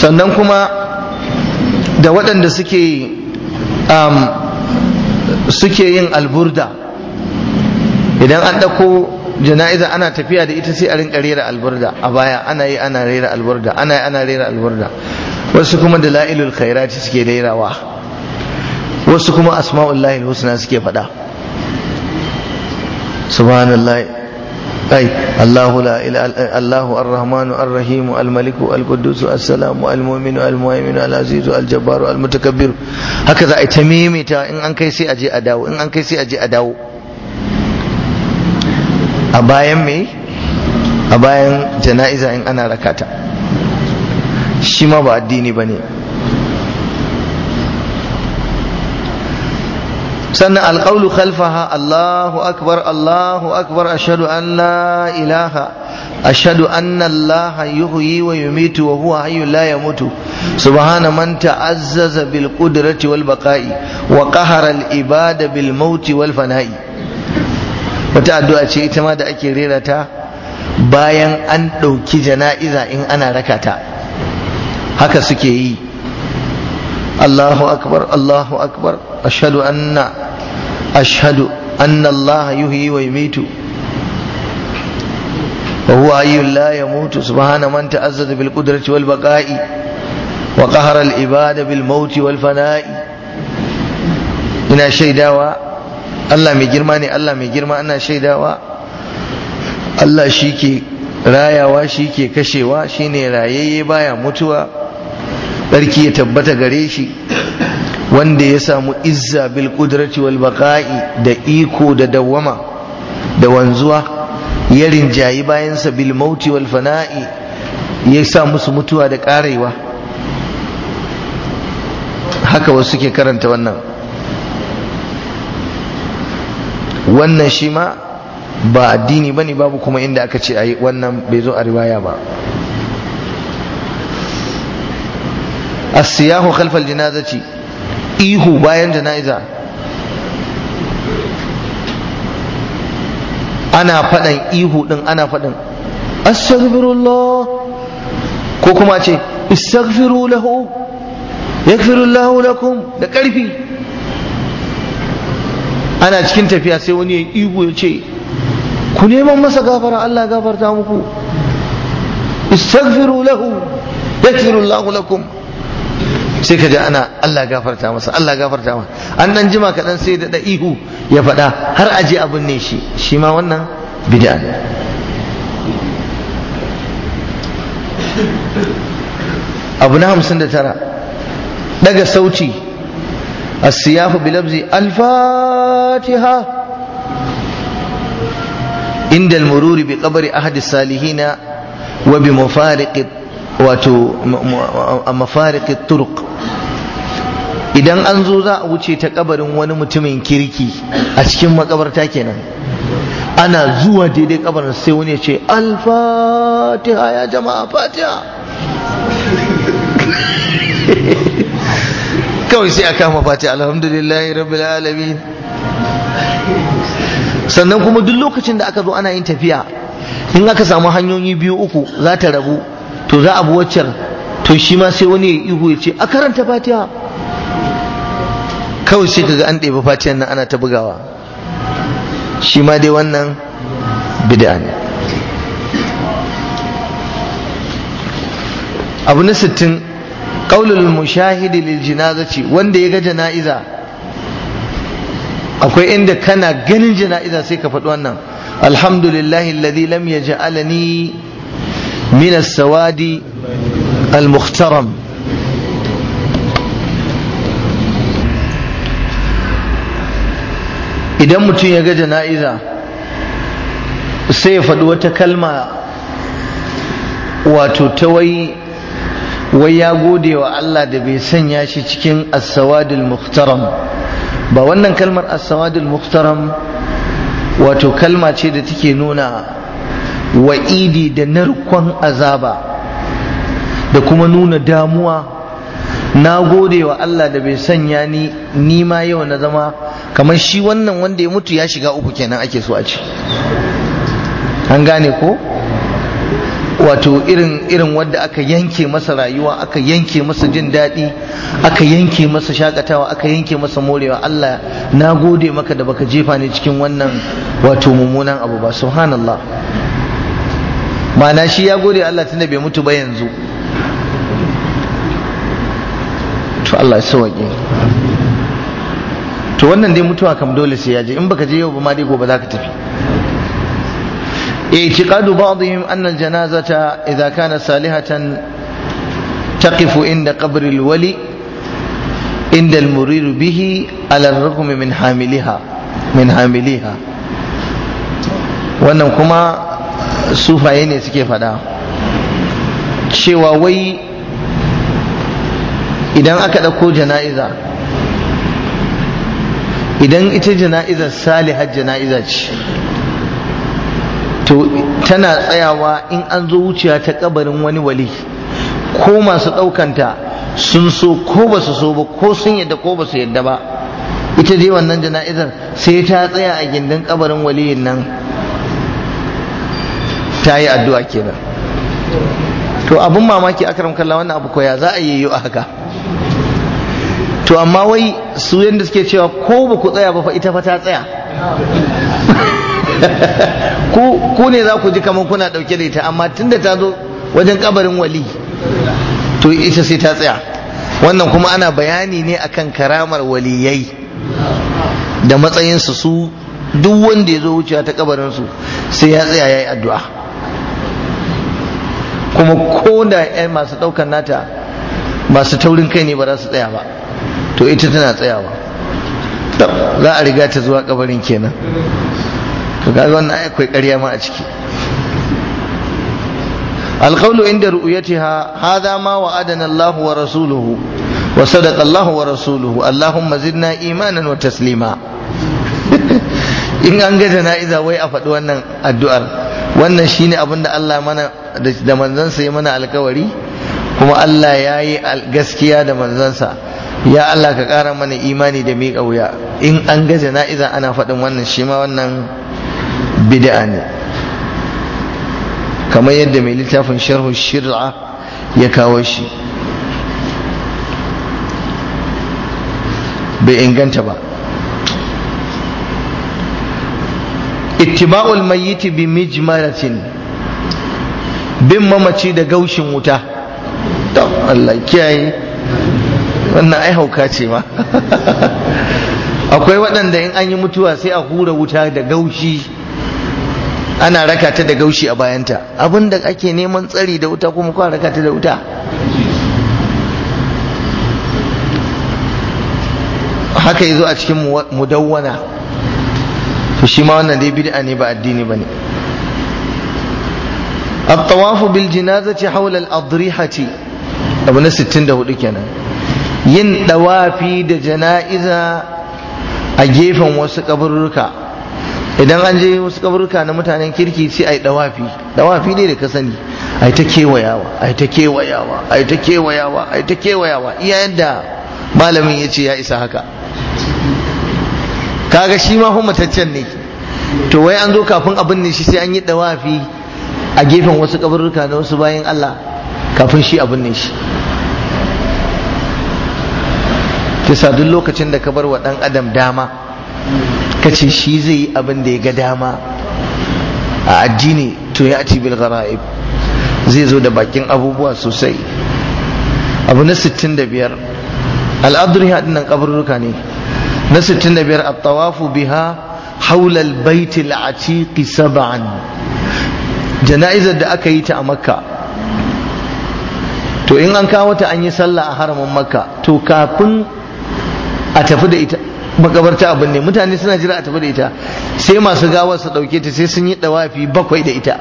A: sannan kuma da waɗanda suke um, suke yin alburda idan an ɗauko jana'iza ana tafiya da ita sai a rinka rera alburda a baya ana yi ana rera alburda ana yi ana rera alburda wasu kuma da la'ilul khairati suke rerawa wasu kuma asma'ullahi husna suke faɗa subhanallah Tay Allahu la ilaha illa Allahu Ar-Rahmanu Ar-Rahim Al-Malik Al-Quddus Haka za a tamimita in an kai sai aje a dawo in an kai sai aje a dawo A bayan me A bayan jana'iza in ana rakata Shi ma ba addini ba ne. sannan alƙaulu khalfaha Allahu akbar Allahu akbar ashadu an la ilaha ashhadu anna Allah yuhyi wa yumitu wa huwa hayyun la yamutu subhana man ta'azzaza bil qudrati wal baqa'i wa qahara al ibada bil mauti wal fana'i wata addu'a ce ita ma da ake rera ta bayan an ɗauki jana'iza in ana rakata haka suke yi الله أكبر الله أكبر أشهد أن أشهد أن الله يحيي ويميت وهو حي لا يموت سبحان من تعزز بالقدرة والبقاء وقهر العباد بالموت والفناء ina shaidawa Allah mai girma ne Allah mai girma ana shaidawa Allah rayawa shi ke kashewa shi ne baya mutuwa tsarki ya tabbata gare shi wanda ya samu izza bil kudrati wal baqa'i da iko da dawwama da wanzuwa ya rinjayi bayansa bil mauti wal fana'i ya sa musu mutuwa da karewa haka wasu ke karanta wannan wannan shi ma ba addini bane babu kuma inda aka ce ai wannan bai zo a riwaya ba Asiyahu siyahu khalfal janazati ihu bayan jana'iza ana faɗan ihu din ana faɗin astaghfirullah ko kuma ce istaghfiru lahu yaghfiru lahu lakum da ƙarfi ana cikin tafiya sai wani ya ihu ya ce ku neman masa gafara Allah gafarta muku istaghfiru lahu yaghfiru lahu lakum sai ka ji ana Allah gafarta masa Allah gafarta masa an nan jima kaɗan sai da ihu ya faɗa har aje abin ne shi shi ma wannan bid'a ne abu na hamsin da tara daga sauti asiyafu bilabzi al-fatiha inda al-mururi bi qabri ahadi salihina wa bi mufariqi wato mafarikin turk idan an zo za a wuce ta kabarin wani mutumin kirki a cikin makabarta kenan ana zuwa daidai kabarin sai wani ce al ya jama'a fatiha [LAUGHS] kawai sai a kama fatiha alhamdulillahi rabbil alamin sannan kuma duk lokacin da aka zo ana yin tafiya in aka samu hanyoyi biyu uku za ta rabu to za a bi waccan to shi ma sai wani ya ihu ya ce a karanta fatiha kawai sai kaga an ɗebi fatiha nan ana ta bugawa shi ma dai wannan bid'a ne abu na sittin ƙaunar mushahidi lil ce wanda ya ga jana'iza akwai inda kana ganin jana'iza sai ka faɗi wannan alhamdulillahi alladhi lam yaj'alani من السواد المخترم idan mutum ya ga jana'iza sai ya faɗi wata kalma wato ta wai wai ya gode wa Allah da bai sanya shi cikin as muhtaram ba wannan kalmar as muhtaram wato kalma ce da take nuna wa'idi da narkon azaba da kuma nuna damuwa na gode wa Allah da bai sanya ni ni ma yau na zama kamar shi wannan wanda ya mutu ya shiga uku kenan ake so a ce. an gane ko wato irin irin wanda aka yanke masa rayuwa aka yanke masa jin daɗi aka yanke masa shakatawa aka yanke masa morewa Allah na gode maka da baka jefa ni cikin wannan wato mummunan abu ba subhanallah ma'ana shi ya gode Allah tunda bai mutu ba yanzu to Allah ya sauke to wannan dai mutuwa kam dole sai ya je in baka je yau ba ma dai gobe zaka tafi اعتقاد بعضهم أن الجنازة إذا كانت صالحة تقف عند قبر الولي عند المرير به على الرغم من حاملها من حاملها wannan kuma sufaye ne suke faɗa cewa wai idan aka ɗauko jana'iza idan ita jana'izar salihar jana'iza ce to tana tsayawa in an zo wucewa ta kabarin wani wali ko masu ɗaukanta sun so ko ba su so ba ko sun yadda ko ba su yadda ba ita dai wannan jana'izar sai ta tsaya a gindin kabarin waliyin nan ta yi addu'a kenan to abun mamaki akram kalla wannan abu koya za a yi a haka to amma wai su yadda suke cewa ko ba ku tsaya ba fa ita fa ta tsaya [LAUGHS] ku ne za ku ji kamar kuna ɗauke da ita amma tunda ta zo wajen kabarin wali to ita sai ta tsaya wannan kuma ana bayani ne akan karamar waliyai da matsayinsu su duk wanda ya zo wucewa ta kabarinsu sai ya tsaya ya yi addu'a kuma ko da yan masu ɗaukar nata masu taurin kai ne ba za su tsaya ba to ita tana tsayawa za a riga ta zuwa kabarin kenan to ga wannan ai akwai ƙarya ma a ciki alqawlu inda ru'yatiha hadha ma wa'adana Allah wa rasuluhu wa sadaqa Allah wa rasuluhu Allahumma zidna imanan wa taslima [LAUGHS] in an ga jana'iza wai a faɗi wannan addu'ar wannan shi ne da Allah da manzansa ya mana alkawari kuma Allah ya yi gaskiya da manzansa ya Allah ka ƙara mana imani da miƙa wuya in an ga jana'iza ana faɗin wannan shi ma wannan bid'a ne kamar yadda mai littafin sharhu shir'a ya kawo shi bai inganta ba ittiba'ul mayyiti bi mijmaratin bin mamaci da gaushin wuta to kiyaye wannan ai hauka ce ma [LAUGHS] akwai waɗanda in an yi mutuwa sai a hura wuta da gaushi ana raka da gaushi a bayanta abinda ake neman tsari da wuta kuma kwa raka ta da wuta haka yazo a cikin mudawwana to shi ma wannan dai bid'a ne ba addini bane at-tawafu bil janazati hawla al-adrihati abu na 64 kenan yin dawafi da jana'iza a gefen wasu kaburruka idan an je wasu kaburruka na mutanen kirki sai ai dawafi dawafi ne da ka sani ai ta kewayawa ai ta kewayawa ai ta kewayawa ai ta kewayawa iya yadda malamin ya ce ya isa haka kaga shi ma fa mataccen ne to wai an zo kafin abin ne shi sai an yi dawafi a gefen wasu kaburruka da wasu bayan Allah kafin shi abin ne shi kisa duk lokacin da ka bar wa dan adam dama ka ce shi zai yi abin da ya ga dama a addini to ya ci bil gara'ib zai zo da bakin abubuwa sosai abu na 65 al'aduriyar nan kaburruka ne na 65 a tawafu biha haula al-bait al-atiq sab'an jana'izar da aka yi ta a makka to in an kawo ta an yi sallah a haramin makka to kafin a tafi da ita makabarta abin ne mutane suna jira a tafi da ita sai masu gawar su dauke ta sai sun yi dawafi bakwai da ita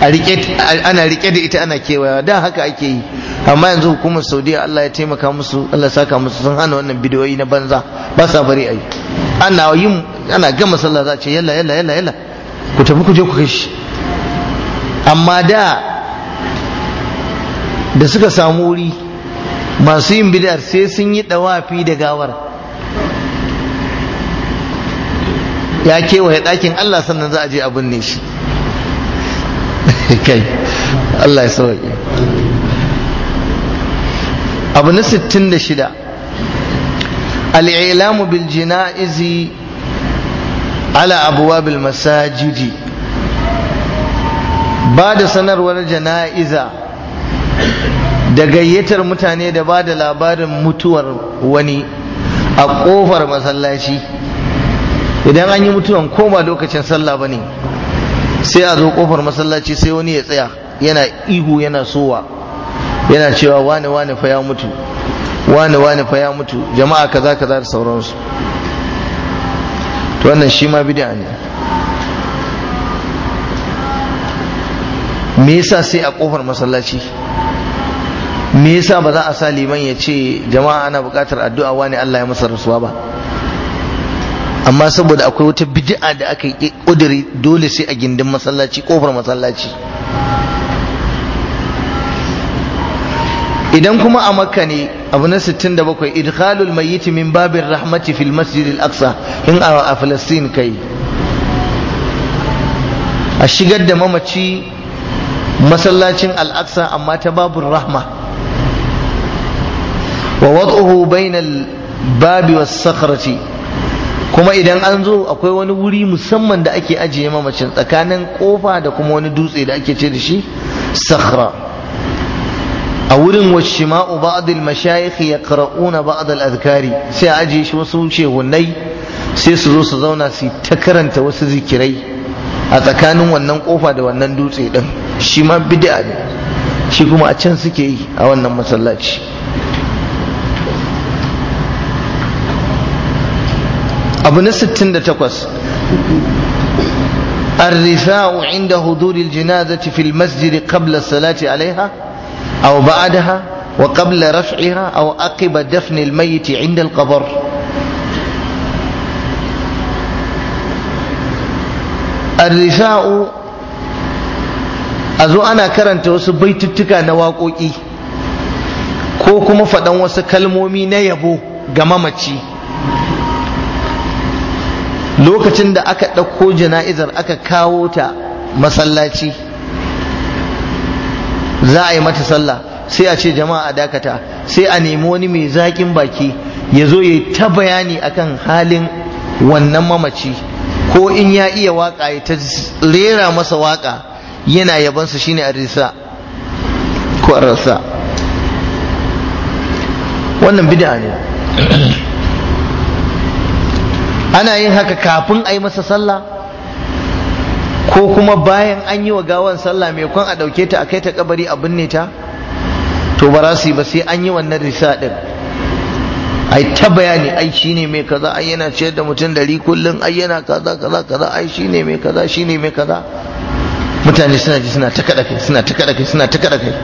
A: ana rike da ita ana kewaya da haka ake yi amma yanzu hukumar saudiya Allah ya taimaka musu Allah saka musu sun hana wannan bidiyoyi na banza ba sa bari ayi ana yin ana gama sallah za a ce yalla yalla yalla yalla ku tafi ku je ku kashi amma da da suka samu wuri masu yin bidiyar sai sun yi dawafi da gawar ya kewaye ɗakin Allah sannan za a je a binne shi [LAUGHS] kai Allah ya sauke abu na 66 al'ilamu bil jina'izi ala al masajidi ba da sanarwar jana'iza da gayyatar mutane da ba da labarin mutuwar wani a ƙofar masallaci idan an yi mutuwan koma lokacin sallah ba ne sai a zo kofar masallaci sai wani ya tsaya yana ihu yana sowa yana cewa wani wani fa ya mutu wani wani fa ya mutu jama'a kaza kaza da sauransu to wannan shi ma bid'a ne me yasa sai a kofar masallaci me yasa ba za a sa liman ya ce jama'a ana buƙatar addu'a wani Allah ya masa rasuwa ba amma saboda akwai wata bid'a da aka yi kudiri dole sai a gindin masallaci kofar masallaci idan kuma a makka ne abu na 67 idkhalul mayyit min babir rahmati fil masjid al aqsa in a a falastin kai a shigar da mamaci masallacin al aqsa amma ta babur rahma wa wad'uhu bainal babi was sakhrati kuma idan an zo akwai wani wuri musamman da ake ajiye mamacin tsakanin kofa da kuma wani dutse da ake ce da shi sakhra a wurin washima'u ba'dil mashayikh yaqra'una ba'd al azkari sai a ajiye shi wasu shehunai sai su zo su zauna su ta karanta wasu zikirai a tsakanin wannan kofa da wannan dutse din shi ma bid'a ne shi kuma a can suke yi a wannan masallaci abu na 68 arrifa'u inda huduri aljinazati fil masjidi qabla salati alaiha aw ba'daha wa qabla raf'iha aw aqiba dafn almayit inda alqabr arrifa'u azu ana karanta wasu baitittuka na waƙoƙi ko kuma faɗan wasu kalmomi na yabo ga mamaci lokacin da aka ɗauko jana'izar aka kawo ta masallaci za a yi mata sallah sai a ce jama'a a dakata sai a nemi wani mai zaƙin baki ya zo ya ta bayani akan halin wannan mamaci ko in ya iya waƙa ya ta rera masa waƙa yana yabansa shine risa ko a rasa. wannan bid'a ne [COUGHS] ana yin haka kafin a yi masa sallah ko kuma bayan an yi wa gawan sallah mai kwan a ɗauke ta a kai ta kabari a binne ta to ba za su yi ba sai an yi wannan risa ɗin ai ta bayani ai shi ne mai kaza ai yana ciyar da mutum dari kullum ai yana kaza kaza kaza ai shi ne mai kaza shi ne mai kaza mutane suna ji suna ta kaɗa kai suna ta kaɗa kai suna ta kaɗa kai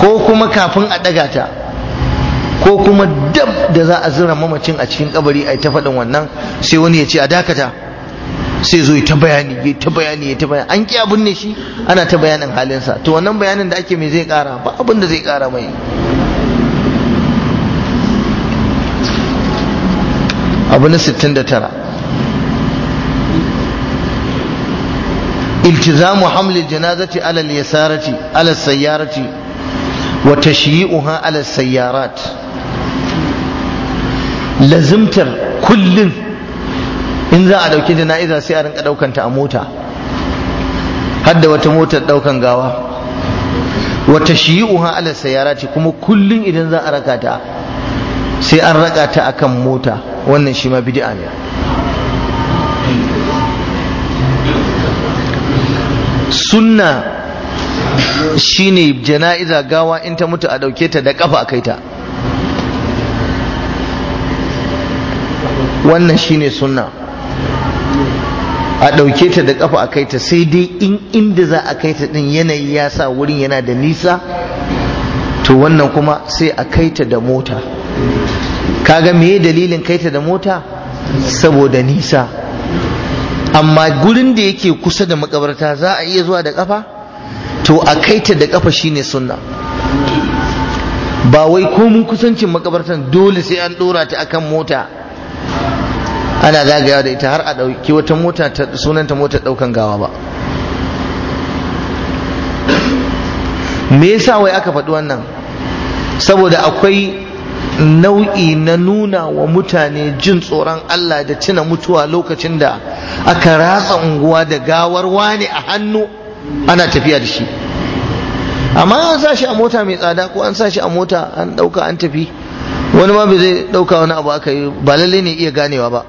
A: ko kuma kafin a ɗaga ta ko kuma dab da za a zira mamacin a cikin kabari a ta faɗin wannan sai wani ya ce a dakata sai zo ta bayani ya ta bayani ya ta bayani an kiya abin shi ana ta bayanin halinsa to wannan bayanin da ake mai zai kara ba abin da zai kara mai abu na 69 iltizamu hamlil janazati ala al-yasarati ala al-sayyarati wa tashyi'uha ala al-sayyarat lazimtar kullum in za a ɗauki jana'iza sai a rinka ɗaukanta a mota har da wata motar ɗaukan gawa wata shi'uha ala sayara ce kuma kullum idan za a raka ta sai an raka ta akan mota wannan shi ma bid'a ne sunna shine jana'iza gawa in ta mutu a ɗauke ta da kafa a kai ta wannan shine sunna a ɗauke ta da ƙafa a kaita sai dai in inda za a kaita ɗin yanayi ya sa wurin yana da nisa to wannan kuma sai a kaita da mota kaga meye dalilin kaita da mota saboda nisa amma gurin da yake kusa da makabarta za a iya zuwa da kafa to a kaita da kafa shine sunna ba wai komin kusancin makabartan dole sai an dora ta akan mota ana zagayawa da ita har a ɗauki wata mota sunanta mota ɗaukan gawa ba me yasa wai aka faɗi wannan saboda akwai nau'i na nuna wa mutane jin tsoron Allah da tuna mutuwa lokacin da aka ratsa unguwa da gawar wani a hannu ana tafiya da shi amma an sa shi a mota mai tsada ko an sa shi a mota an ɗauka an tafi wani ma bai zai ɗauka wani abu aka yi ba lallai ne iya ganewa ba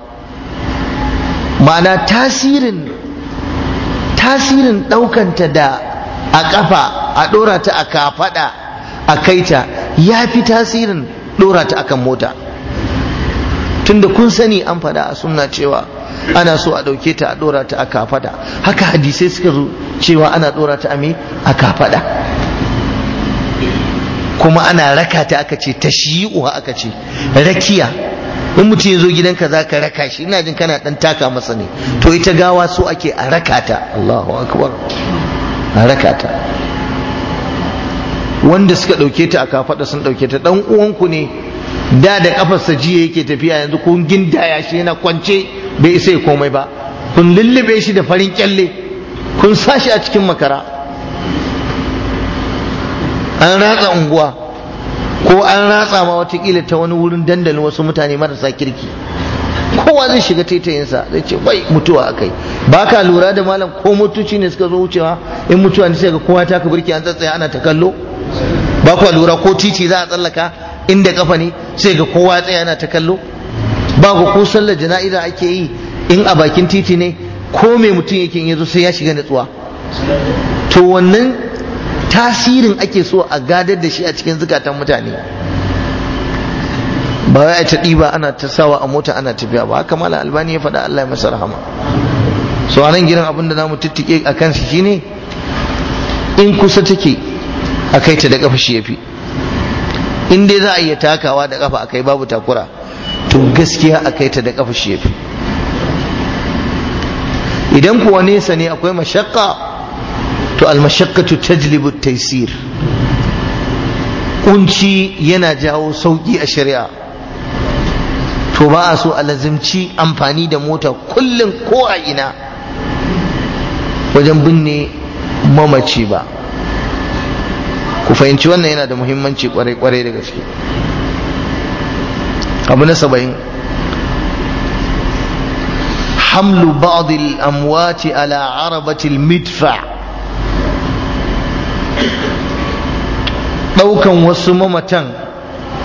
A: ma'ana tasirin tasirin ɗaukanta da a ƙafa a ɗora ta a kafaɗa a kaita ya fi tasirin ɗora ta akan mota tunda kun sani an faɗa a sunna cewa ana so a ɗauke ta a ɗora ta a kafaɗa haka hadisai suka zo cewa ana ɗora ta a me a kafaɗa kuma ana raka ta aka ce tashi'u aka ce rakiya in mutum ya zo gidanka za ka raka shi ina jin kana dan taka masa ne to ita gawa so ake a raka ta Allahu akbar a raka ta wanda suka ɗauke ta a kafaɗa sun ɗauke ta ɗan uwanku ne da da kafarsa jiya yake tafiya yanzu kun gindaya shi yana kwance bai isa ya komai ba kun lullube shi da farin kyalle kun sashi a cikin makara an ratsa unguwa ko an ratsa ma watakila ta wani wurin dandalin wasu mutane marasa kirki kowa zai shiga taitayinsa zai ce bai mutuwa akai ba ka lura da malam ko mutuci ne suka zo wucewa in mutuwa ne sai ga kowa ta ka an tsatsaya ana ta kallo ba kwa lura ko titi za a tsallaka inda kafa ne sai ga kowa ya tsaya ana ta kallo ba ko sallar jana'iza ake yi in a bakin titi ne ko mai mutum yake yazo sai ya shiga natsuwa to wannan tasirin ake so a gadar da shi a cikin zukatan mutane ba wai ta ɗiba ana ta sawa a mota ana tafiya ba haka mala albani ya faɗa Allah ya masa rahama so anan gidan abin da namu tittike a kan shi shine in kusa take a kai ta da kafa shi yafi in dai za a iya takawa da kafa akai babu takura to gaskiya a kai ta da kafa shi yafi idan kuwa nesa ne akwai mashakka to almashakkatu tajlibu taysir kunci yana jawo sauki a shari'a to ba a so a lazimci amfani da mota kullum ko a ina wajen binne mamaci ba ku fahimci wannan yana da muhimmanci kwarai-kwarai da gaske abu na saba'in hamlu ba'd amwati ala arabatil midfa' Daukan wasu mamatan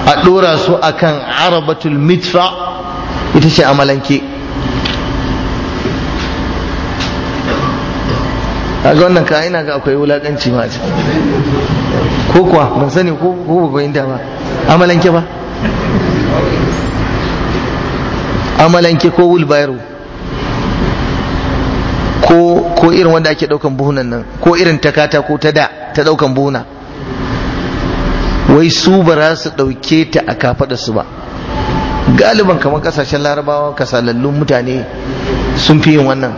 A: a ɗora su akan arabatul mitfa ita ce amalanke a ga wannan ka ina ga akwai wulakanci ma ce ko kuwa ban sani ko ko ba fahimta ba amalanke ba amalanke ko wulbayaro ko irin wanda ake ɗaukan buhunan nan ko irin takata ko ta da ta daukan buhuna wai su ba za su dauke ta a kafada su ba galiban kamar kasashen larabawa kasalallun mutane sun fi yin wannan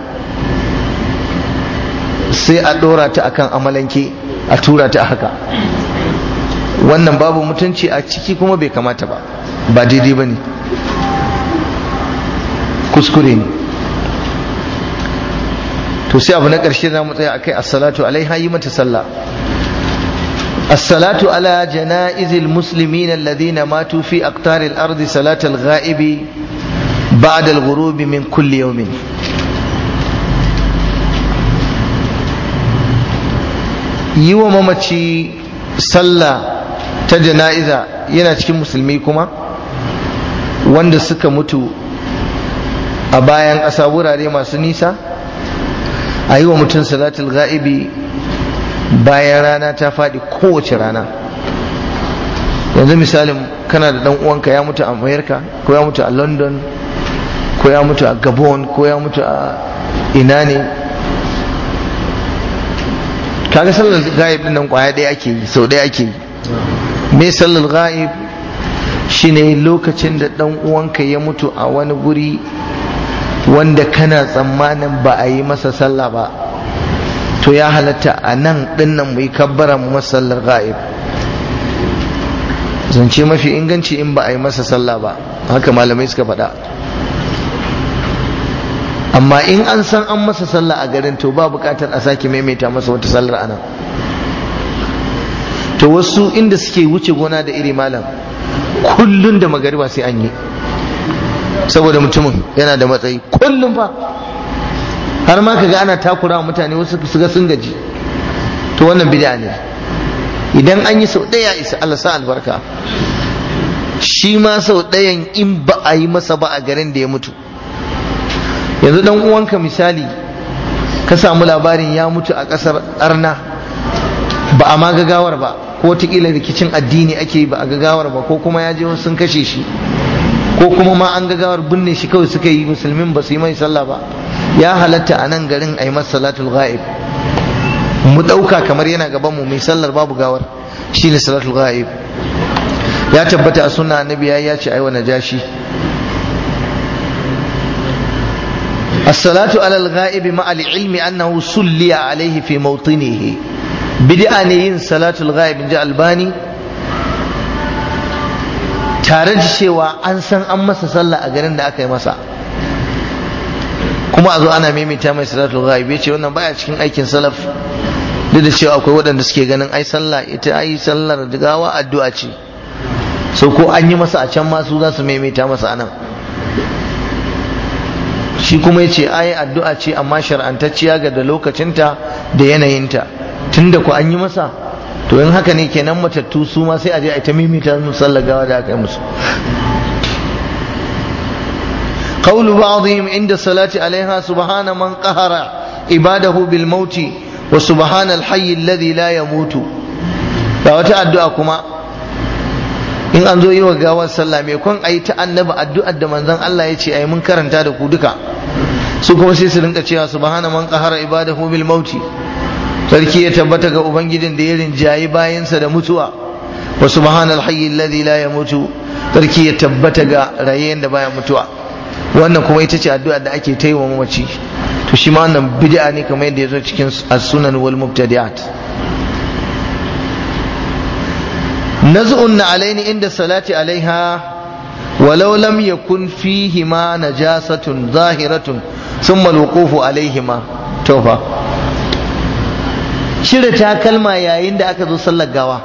A: sai a dora ta akan amalanke a tura ta haka wannan babu mutunci a ciki kuma bai kamata ba ba daidai ba ne kuskure ne to sai abu na ƙarshe za mu tsaya a kai assalatu alaiha yi mata sallah assalatu ala jana'izil muslimin alladhina matu fi aqtaril ardi salatal ghaibi ba'da al-ghurub min kulli yawmin yi wa mamaci sallah ta jana'iza yana cikin musulmi kuma wanda suka mutu a bayan ƙasa wurare masu nisa a yi wa mutum salatul ga'ibi bayan rana ta faɗi kowace rana yanzu misalin kana da ɗan uwanka ya mutu a america ko ya mutu a london ko ya mutu a gabon ko ya mutu a ina ne kaga sallar ga'ib nan kwaya ɗaya ake yi sau ɗaya ake yi me sallar ga'ib shine lokacin da ɗan uwanka ya mutu a wani guri wanda kana tsammanin ba a yi masa sallah ba to ya halatta a nan dinnan mu yi kabbara mu masallar ga'ib zance mafi inganci in ba a yi masa sallah ba haka malamai suka faɗa amma in an san an masa sallah a garin to ba buƙatar a sake maimaita masa wata sallar a nan to wasu inda suke wuce gona da iri malam kullun da magariba sai an yi saboda mutumin yana da matsayi kullum fa har ma kaga ana takura wa mutane wasu su ga sun gaji to wannan bid'a ne idan an yi sau ɗaya isa Allah sa albarka shi ma sau ɗayan in ba a yi masa ba a garin da ya mutu yanzu dan uwanka misali ka samu labarin ya mutu a ƙasar arna ba a ma gagawar ba ko wataƙila rikicin addini ake ba a gagawar ba ko kuma ya je sun kashe shi ko kuma ma an gawar binne shi kawai suka yi musulmin ba su yi mai sallah ba ya halatta a nan garin a yi salatul ghaib mu ɗauka kamar yana gaban mu mai sallar babu gawar shine salatul ghaib ya tabbata a suna annabi ya ce aiwa najashi as-salatu alal ghaibi ma al-ilmi annahu sulliya alayhi fi mawtinihi bid'a ne yin salatul ghaib inji albani tare da cewa an san an masa sallah a garin da aka yi masa kuma a zo ana maimaita mai salatul ghaib ya ce wannan baya cikin aikin salaf duk da cewa akwai waɗanda suke ganin ai sallah ita ai sallar gawa addu'a ce so ko an yi masa a can masu su za su maimaita masa anan shi kuma ya ce ai addu'a ce amma shar'antacciya ga da lokacinta da yanayinta tunda ko an yi masa to in haka ne kenan matattu su ma sai a je a ta mimita sallar gawa da aka yi musu قول بعضهم عند الصلاة عليها سبحان من قهر عباده بالموت وسبحان الحي الذي ya mutu. da wata addu'a kuma in an zo yi wa gawar sallah mai kun ayi ta annabi addu'ar da manzon Allah ya ce ayi mun karanta da ku duka su kuma sai su rinka cewa subhana man qahara ibadahu bil mauti sarki ya tabbata ga ubangijin da ya rinjayi bayansa da mutuwa wa subhanal hayy alladhi la yamutu sarki ya tabbata ga rayen da baya mutuwa wannan kuma ita ce addu'a da ake ta yi wa mamaci to shi ma wannan bid'a ne kamar yadda ya zo cikin as-sunan wal mubtadi'at nazunna alaini inda salati alaiha walau lam yakun fihi ma najasatun zahiratun thumma al-wuqufu alaihima cire takalma yayin da aka zo sallar gawa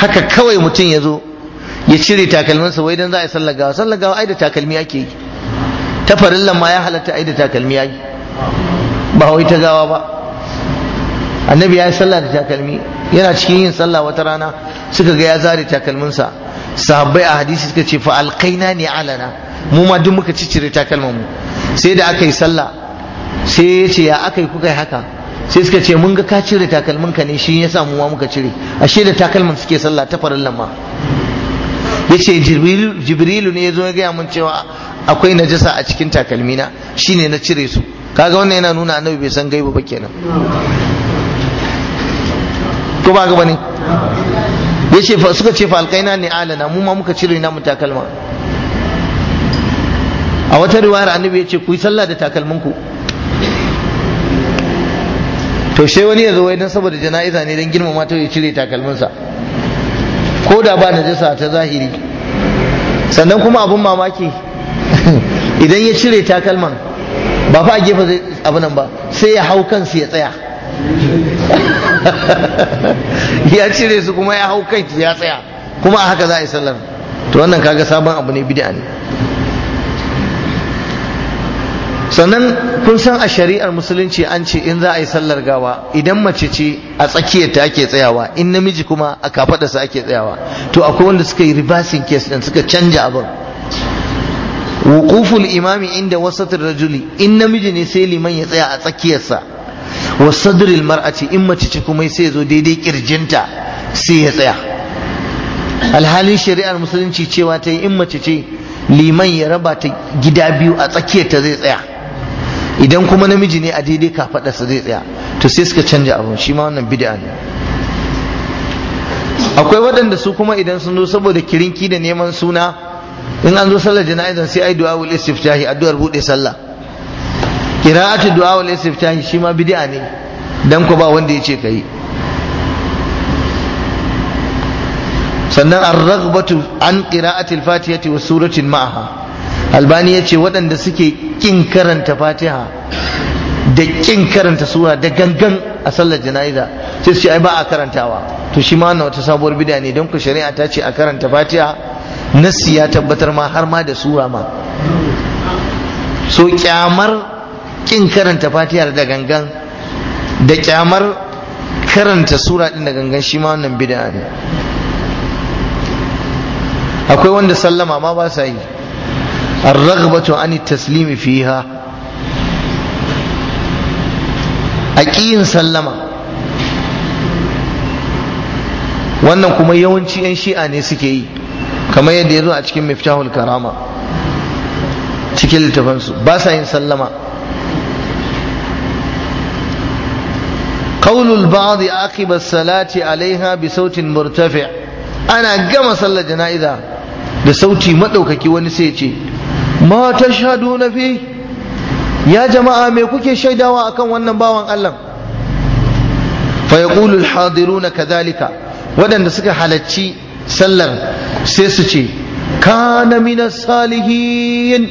A: haka kawai mutum ya zo ya cire takalminsa wai dan za a yi sallar gawa sallar gawa ai da takalmi ake yi ta farillan ma ya halatta ai da takalmi ai ba wai ta gawa ba annabi ya yi sallah da takalmi yana cikin yin sallah wata rana suka ga ya zare takalminsa sahabbai a hadisi suka ce fa alqaina ni alana mu ma duk muka ciccire takalmin mu sai da aka yi sallah sai ya ce ya aka yi kuka haka sai suka ce mun ga ka cire takalmin ka ne shi ya samu ma muka cire ashe da takalmin suke sallah ta farallan ma yace jibrilu ne ya zo ya gaya mun cewa akwai najasa a cikin takalmina shine na cire su kaga wannan yana nuna annabi bai san gaiba ba kenan ko ba gaba ne yace fa suka ce fa alqaina ni alana mu ma muka cire na mu takalma a wata riwayar annabi yace ku yi sallah da takalminku ku to sai wani ya zo wai dan saboda jana'iza ne dan girmama ta ya cire takalminsa ko da ba najasa ta zahiri sannan kuma abun mamaki [LAUGHS] idan ya cire takalman ba fa a gefe abu nan ba sai ya hau kansu ya tsaya [LAUGHS] ya cire su kuma ya hau kansu ya tsaya kuma a haka za a yi sallar to wannan kaga sabon abu ne bid'a ne sannan kun san a shari'ar musulunci an ce in za a yi sallar gawa idan mace ce a tsakiyar ake tsayawa in namiji kuma a kafadarsa ake tsayawa to akwai wanda suka yi reversing case din suka canja abin wuquful imami inda wasatir rajuli in namiji ne sai liman ya tsaya a tsakiyarsa wa sadril mar'ati in mace ce kuma sai ya zo daidai kirjinta sai ya tsaya alhalin shari'ar musulunci cewa ta yi in mace ce liman ya raba ta gida biyu a tsakiyarta zai tsaya idan kuma namiji ne a daidai su zai tsaya to sai suka canja abu shi ma wannan bid'a ne akwai waɗanda su kuma idan sun zo saboda kirinki da neman suna in an zo sallar jana'izar sai ai du'a wal istiftahi addu'ar bude sallah qira'atu du'a wal istiftahi shi ma bid'a ne dan ko ba wanda yace kai sannan ar-raghbatu an qira'ati al-fatihati wa suratin ma'aha albani ya ce waɗanda suke ƙin karanta fatiha da ƙin karanta sura da gangan a sallar jana'iza sai su ce ai ba a karantawa to shi ma wata sabuwar bid'a ne don ku shari'a ta ce a karanta fatiha nassi ya tabbatar ma har ma da sura ma so kyamar ƙin karanta fatiha da gangan da kyamar karanta sura din da gangan shi ma wannan bid'a ne akwai wanda sallama ma ba sa yi الرغبة عن التسليم فيها أكين سلم wannan kuma yawanci 'yan shi'a ne suke yi kamar yadda ya zo a cikin miftahul karama cikin littafansu ba sa yin sallama qaulul ba'd akibar salati alaiha bi sautin murtafi' ana gama sallar jana'iza da sauti maɗaukaki wani sai ce ma na fi ya jama'a me kuke shaidawa akan wannan bawan Allah fa yaqulu al-hadiruna zalika waɗanda suka halacci sallar sai su ce kana mina salihin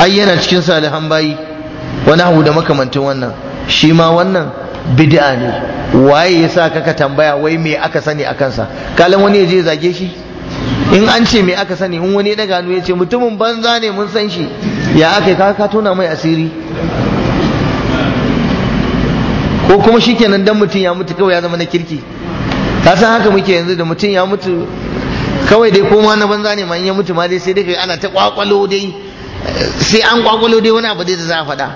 A: ayyana cikin salihan bayi wani abu da makamantin wannan shi ma wannan bid'a ne waye yasa kaka tambaya wai me aka sani akansa kansa? kalan wani ya je zage shi in an ce me aka sani in wani daga hannu ya ce mutumin banza ne mun san shi ya aka ka ka tona mai asiri ko kuma shikenan dan mutum ya mutu kawai ya zama na kirki ka san haka muke yanzu da mutum ya mutu kawai dai koma na banza ne ma in ya mutu ma dai sai dai ana ta kwakwalo dai eh, sai an kwakwalo dai wani abu dai da za a faɗa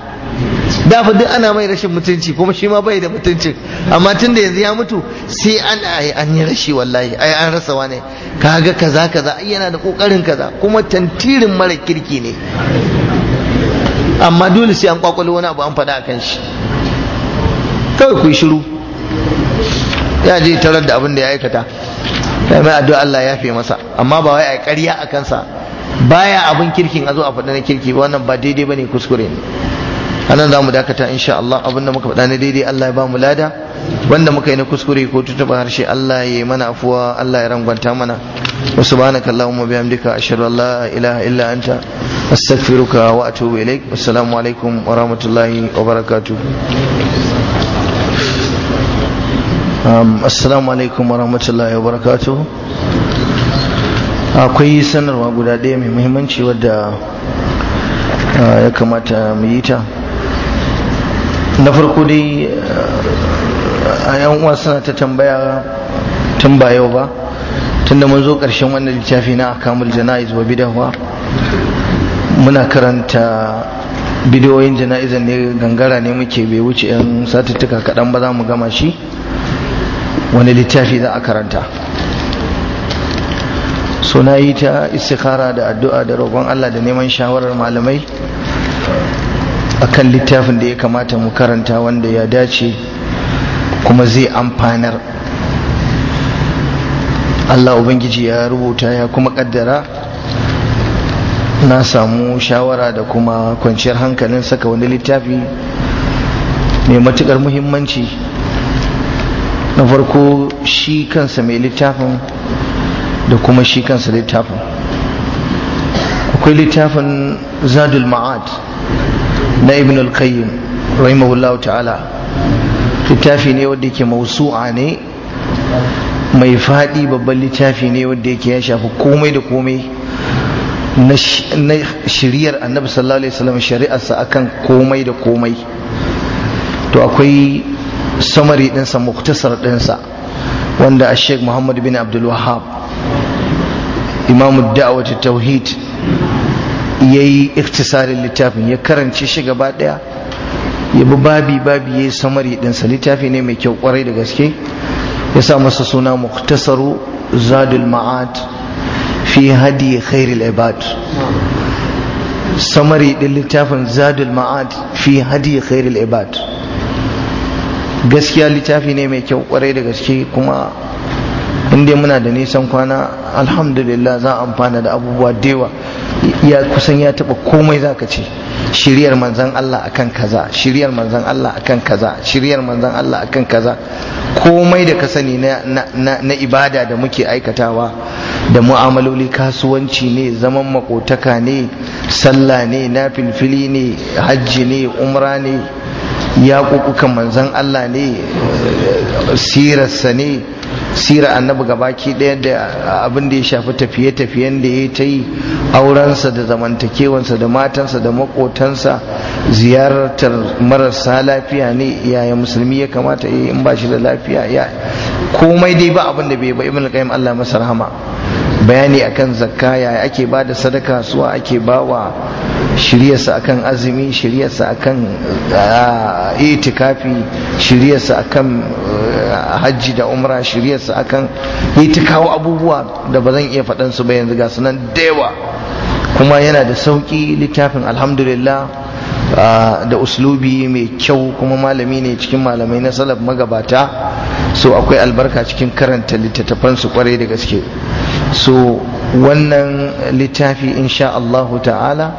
A: da fa duk ana mai rashin mutunci kuma shi ma bai da mutunci amma tun da yanzu ya mutu sai an ai an yi rashi wallahi ai an rasa wane kaga kaza kaza ai yana da kokarin kaza kuma tantirin mara kirki ne amma dole sai an kwakwalo wani abu an faɗa akan shi kawai ku shiru ya je tarar da abin da ya aikata ya mai addu'a Allah ya fi masa amma ba wai ai ƙarya a kansa baya abin kirkin a zo a faɗi na kirki wannan ba daidai bane kuskure ne anan za mu dakata insha Allah abinda muka faɗa ne daidai Allah ya ba mu lada wanda muka yi na kuskure ko tutuba harshe Allah ya yi mana afuwa Allah ya rangwanta mana wa subhanaka allahumma bihamdika ashhadu an la ilaha illa anta astaghfiruka wa atubu ilaik assalamu alaikum wa rahmatullahi wa barakatuh um, assalamu alaikum wa rahmatullahi wa barakatuh akwai sanarwa guda ɗaya mai muhimmanci wadda uh, ya kamata mu yi ta na farko dai a yan uwa suna ta tambaya tun ba yau ba tunda mun zo ƙarshen wannan littafi na akamul jana'iz wa bidawa muna karanta bidiyoyin jana'izan ne gangara ne muke bai wuce yan satuttuka kaɗan ba za mu gama shi wani littafi za a karanta so na yi ta istikhara da addu'a da roƙon Allah da neman shawarar malamai akan littafin da ya kamata mu karanta wanda ya dace kuma zai amfanar Allah Ubangiji ya rubuta ya kuma kaddara na samu shawara da kuma kwanciyar hankalin saka wani littafi mai matukar muhimmanci na farko shi kansa mai littafin da kuma shi kansa littafin akwai littafin zadul ma'ad na ibn al-qayyim rahimahullahu ta'ala littafi ne wanda yake mausu'a ne mai faɗi babban littafi ne wanda yake ya shafi komai da komai na shiriyar annabi sallallahu alaihi wasallam shari'arsa akan komai da komai to akwai samari ɗinsa muktasar ɗinsa wanda a sheikh muhammad bin abdul wahab imamu da'awati tauhid ya yi iktisarin littafin ya karance shi gaba ɗaya ya bi babi babi ya yi samari ɗinsa littafi ne mai kyau kwarai da gaske ya sa masa suna muktasaru zadul ma'ad fi hadi khairul ibad samari ɗin littafin zadul ma'ad fi hadi khairul ibad gaskiya littafi ne mai kyau kwarai da gaske kuma in dai muna da nisan kwana alhamdulillah za a amfana da abubuwa da yawa ya kusan ya taba komai za ka ce shiryar manzan Allah akan kaza shiryar manzan Allah akan kaza shiryar manzan Allah akan kaza komai da ka sani na, ibada da muke aikatawa da mu'amaloli kasuwanci ne zaman makotaka ne sallah ne na filfili ne hajji ne umra ne ya manzan Allah ne sirarsa ne sira annabi ki daya da abin da ya shafi tafiye-tafiyen da ya ta yi aurensa da zamantakewansa da matansa da makotansa ziyartar marasa lafiya ne yaya musulmi ya kamata ya in ba shi da lafiya ya komai dai ba abin da bai ba ibn qayyim Allah masa rahama bayani akan zakka yaya ake ba da sadaka suwa ake bawa shiryarsa akan azumi shiryarsa akan ah, itikafi shiryarsa akan ah, hajji da umra shiryarsa akan itikawo abubuwa da ba zan iya faɗan su ba yanzu ga sunan da yawa kuma yana da sauƙi littafin alhamdulillah ah, da uslubi mai kyau kuma malami ne cikin malamai na salaf magabata so akwai albarka cikin karanta littattafan kwarai da gaske so wannan littafi insha Allah ta'ala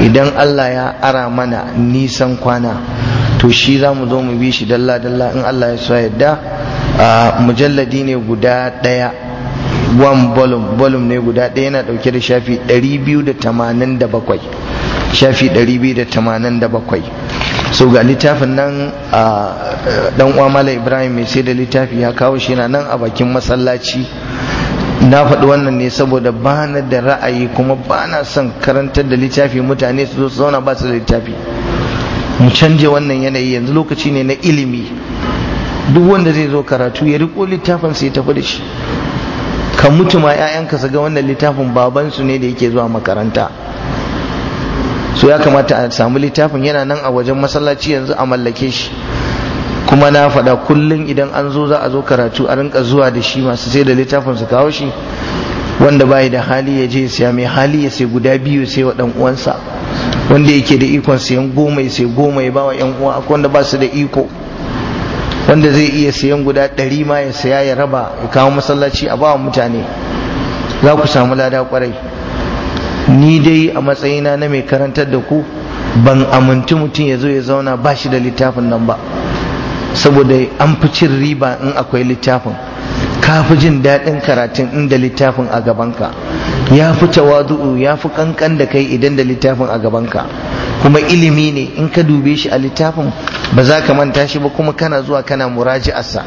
A: idan Allah ya ara mana nisan kwana to shi za mu zo mu bi shi dalla dalla in Allah ya so yadda mujalladi ne guda ɗaya one volume volume ne guda ɗaya yana ɗauke da shafi 287 shafi 287 so ga littafin nan a dan uwa mala ibrahim mai sai da littafi ya kawo shi na nan a bakin masallaci na faɗi wannan ne saboda ba na da ra'ayi kuma ba na son karantar da littafi mutane su zo zauna ba su da littafi mu canje wannan yanayi yanzu lokaci ne na ilimi duk wanda zai zo karatu ya riko littafin sai tafi da shi ka mutu ma 'ya'yanka su ga wannan littafin babansu ne da yake zuwa makaranta so ya kamata a samu littafin yana nan a wajen masallaci yanzu a mallake shi kuma na faɗa kullum idan an zo za a zo karatu a rinka zuwa da shi masu sai da littafin su kawo shi wanda bai da hali ya je siya mai hali ya sai guda biyu sai wa ɗan uwansa wanda yake da ikon siyan goma ya sai goma ya bawa yan uwa akwai wanda ba su da iko wanda zai iya siyan guda ɗari ma ya saya ya raba ya kawo masallaci a bawa mutane za ku samu lada kwarai ni dai a matsayina na mai karantar da ku ban amintu mutum ya zo ya zauna ba shi da littafin nan ba saboda an fi cin riba in akwai littafin ka fi jin daɗin karatun inda littafin a gabanka ya fi tawadu'u ya fi kankan da kai idan da littafin a gabanka kuma ilimi ne in ka dube shi a littafin ba za ka manta shi ba kuma kana zuwa kana muraji'arsa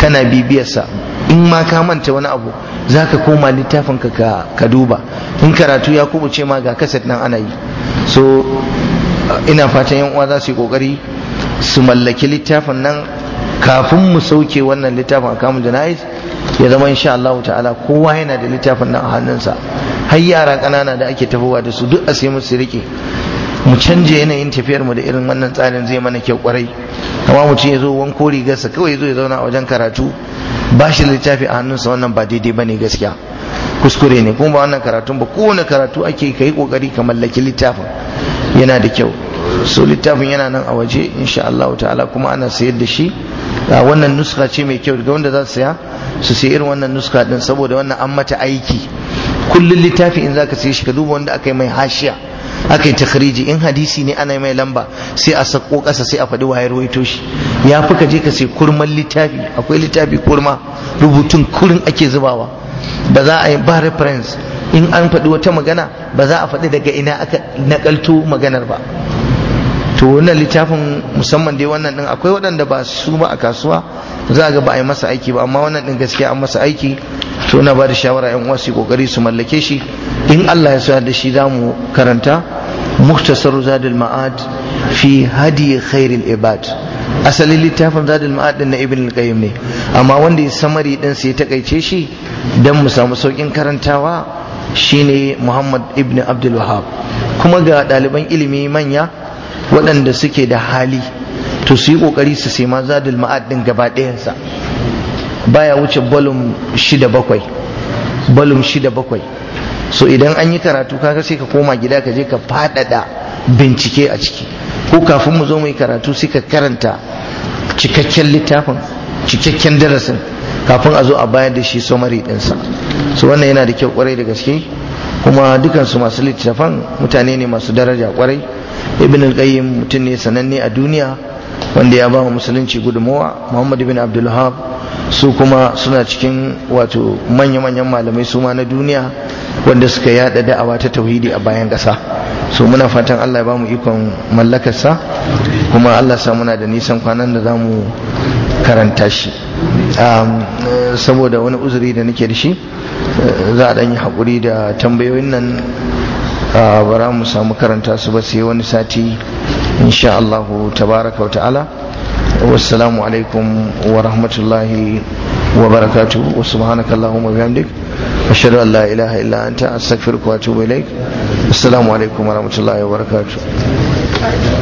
A: kana bibiyarsa in ma ka manta wani abu za ka koma littafin ka ka duba in karatu ya kubuce ma ga kaset nan ana yi so ina fatan yan uwa za su yi kokari su mallaki littafin nan kafin mu sauke wannan littafin a kamun jana'iz ya zama insha Allah ta'ala kowa yana da littafin nan a hannunsa har yara ƙanana da ake tafowa da su duk a sai musu rike mu canje yanayin tafiyar mu da irin wannan tsarin zai mana kyau kwarai amma mutum ya zo wanko rigarsa kawai ya zo ya zauna a wajen karatu ba shi littafi a hannunsa wannan ba daidai bane gaskiya kuskure ne kuma ba wannan karatun ba kowane karatu ake kai kokari ka mallaki littafin yana da kyau so littafin yana nan a waje insha Allah ta'ala kuma ana sayar da shi a wannan nuska ce mai kyau daga wanda za su saya su sayi irin wannan nuska din saboda wannan an mata aiki kullum littafi in zaka sayi shi ka duba wanda aka yi mai hashiya aka yi takhriji in hadisi ne ana mai lamba sai a sako kasa sai a faɗi wayar waito shi ya fi ka je ka sai kurman littafi akwai littafi kurma rubutun kurin ake zubawa ba za a yi ba reference in an faɗi wata magana ba za a faɗi daga ina aka nakalto maganar ba to wannan littafin musamman dai wannan din akwai waɗanda ba su ba a kasuwa za ga ba a yi masa aiki ba amma wannan din gaskiya an masa aiki to na ba da shawara yan uwa kokari su mallake shi in Allah ya sa da shi za mu karanta muktasar zadul ma'ad fi hadi khairil ibad asalin littafin zadul ma'ad din na ibn al-qayyim ne amma wanda ya samari din sai ya takaice shi dan mu samu saukin karantawa shine Muhammad ibn Abdul Wahhab kuma ga ɗaliban ilimi manya waɗanda suke da hali to su yi kokari su sai ma zadul ma'ad din gaba ɗayansa baya wuce balum shida bakwai balum shida bakwai so idan an yi karatu kaga sai ka koma gida ka je ka faɗaɗa bincike a ciki ko kafin mu zo mu karatu sai ka karanta cikakken littafin cikakken darasin kafin a zo a bayar da shi somari ɗinsa so wannan yana da kyau kwarai da gaske kuma dukansu masu littafan mutane ne masu daraja kwarai ibn al mutum ne sananne a duniya wanda ya ba mu musulunci gudunmawa Muhammadu bin abdulhab su kuma suna cikin wato manya-manyan malamai su ma na duniya wanda suka yada da'awa ta tauhidi a bayan ƙasa so muna fatan allah ya ba mu ikon mallakarsa kuma allah sa muna da nisan kwanan da za mu karanta shi saboda wani uzuri da nake da shi za a ɗan yi haƙuri da tambayoyin nan bara mu samu karanta su ba sai wani sati insha Allah tabaraka wa ta'ala wassalamu alaikum wa rahmatullahi wa barakatuhu wa subhanaka Allahumma bihamdik ashhadu an la ilaha illa anta astaghfiruka wa atubu ilaik assalamu alaikum wa rahmatullahi wa barakatuh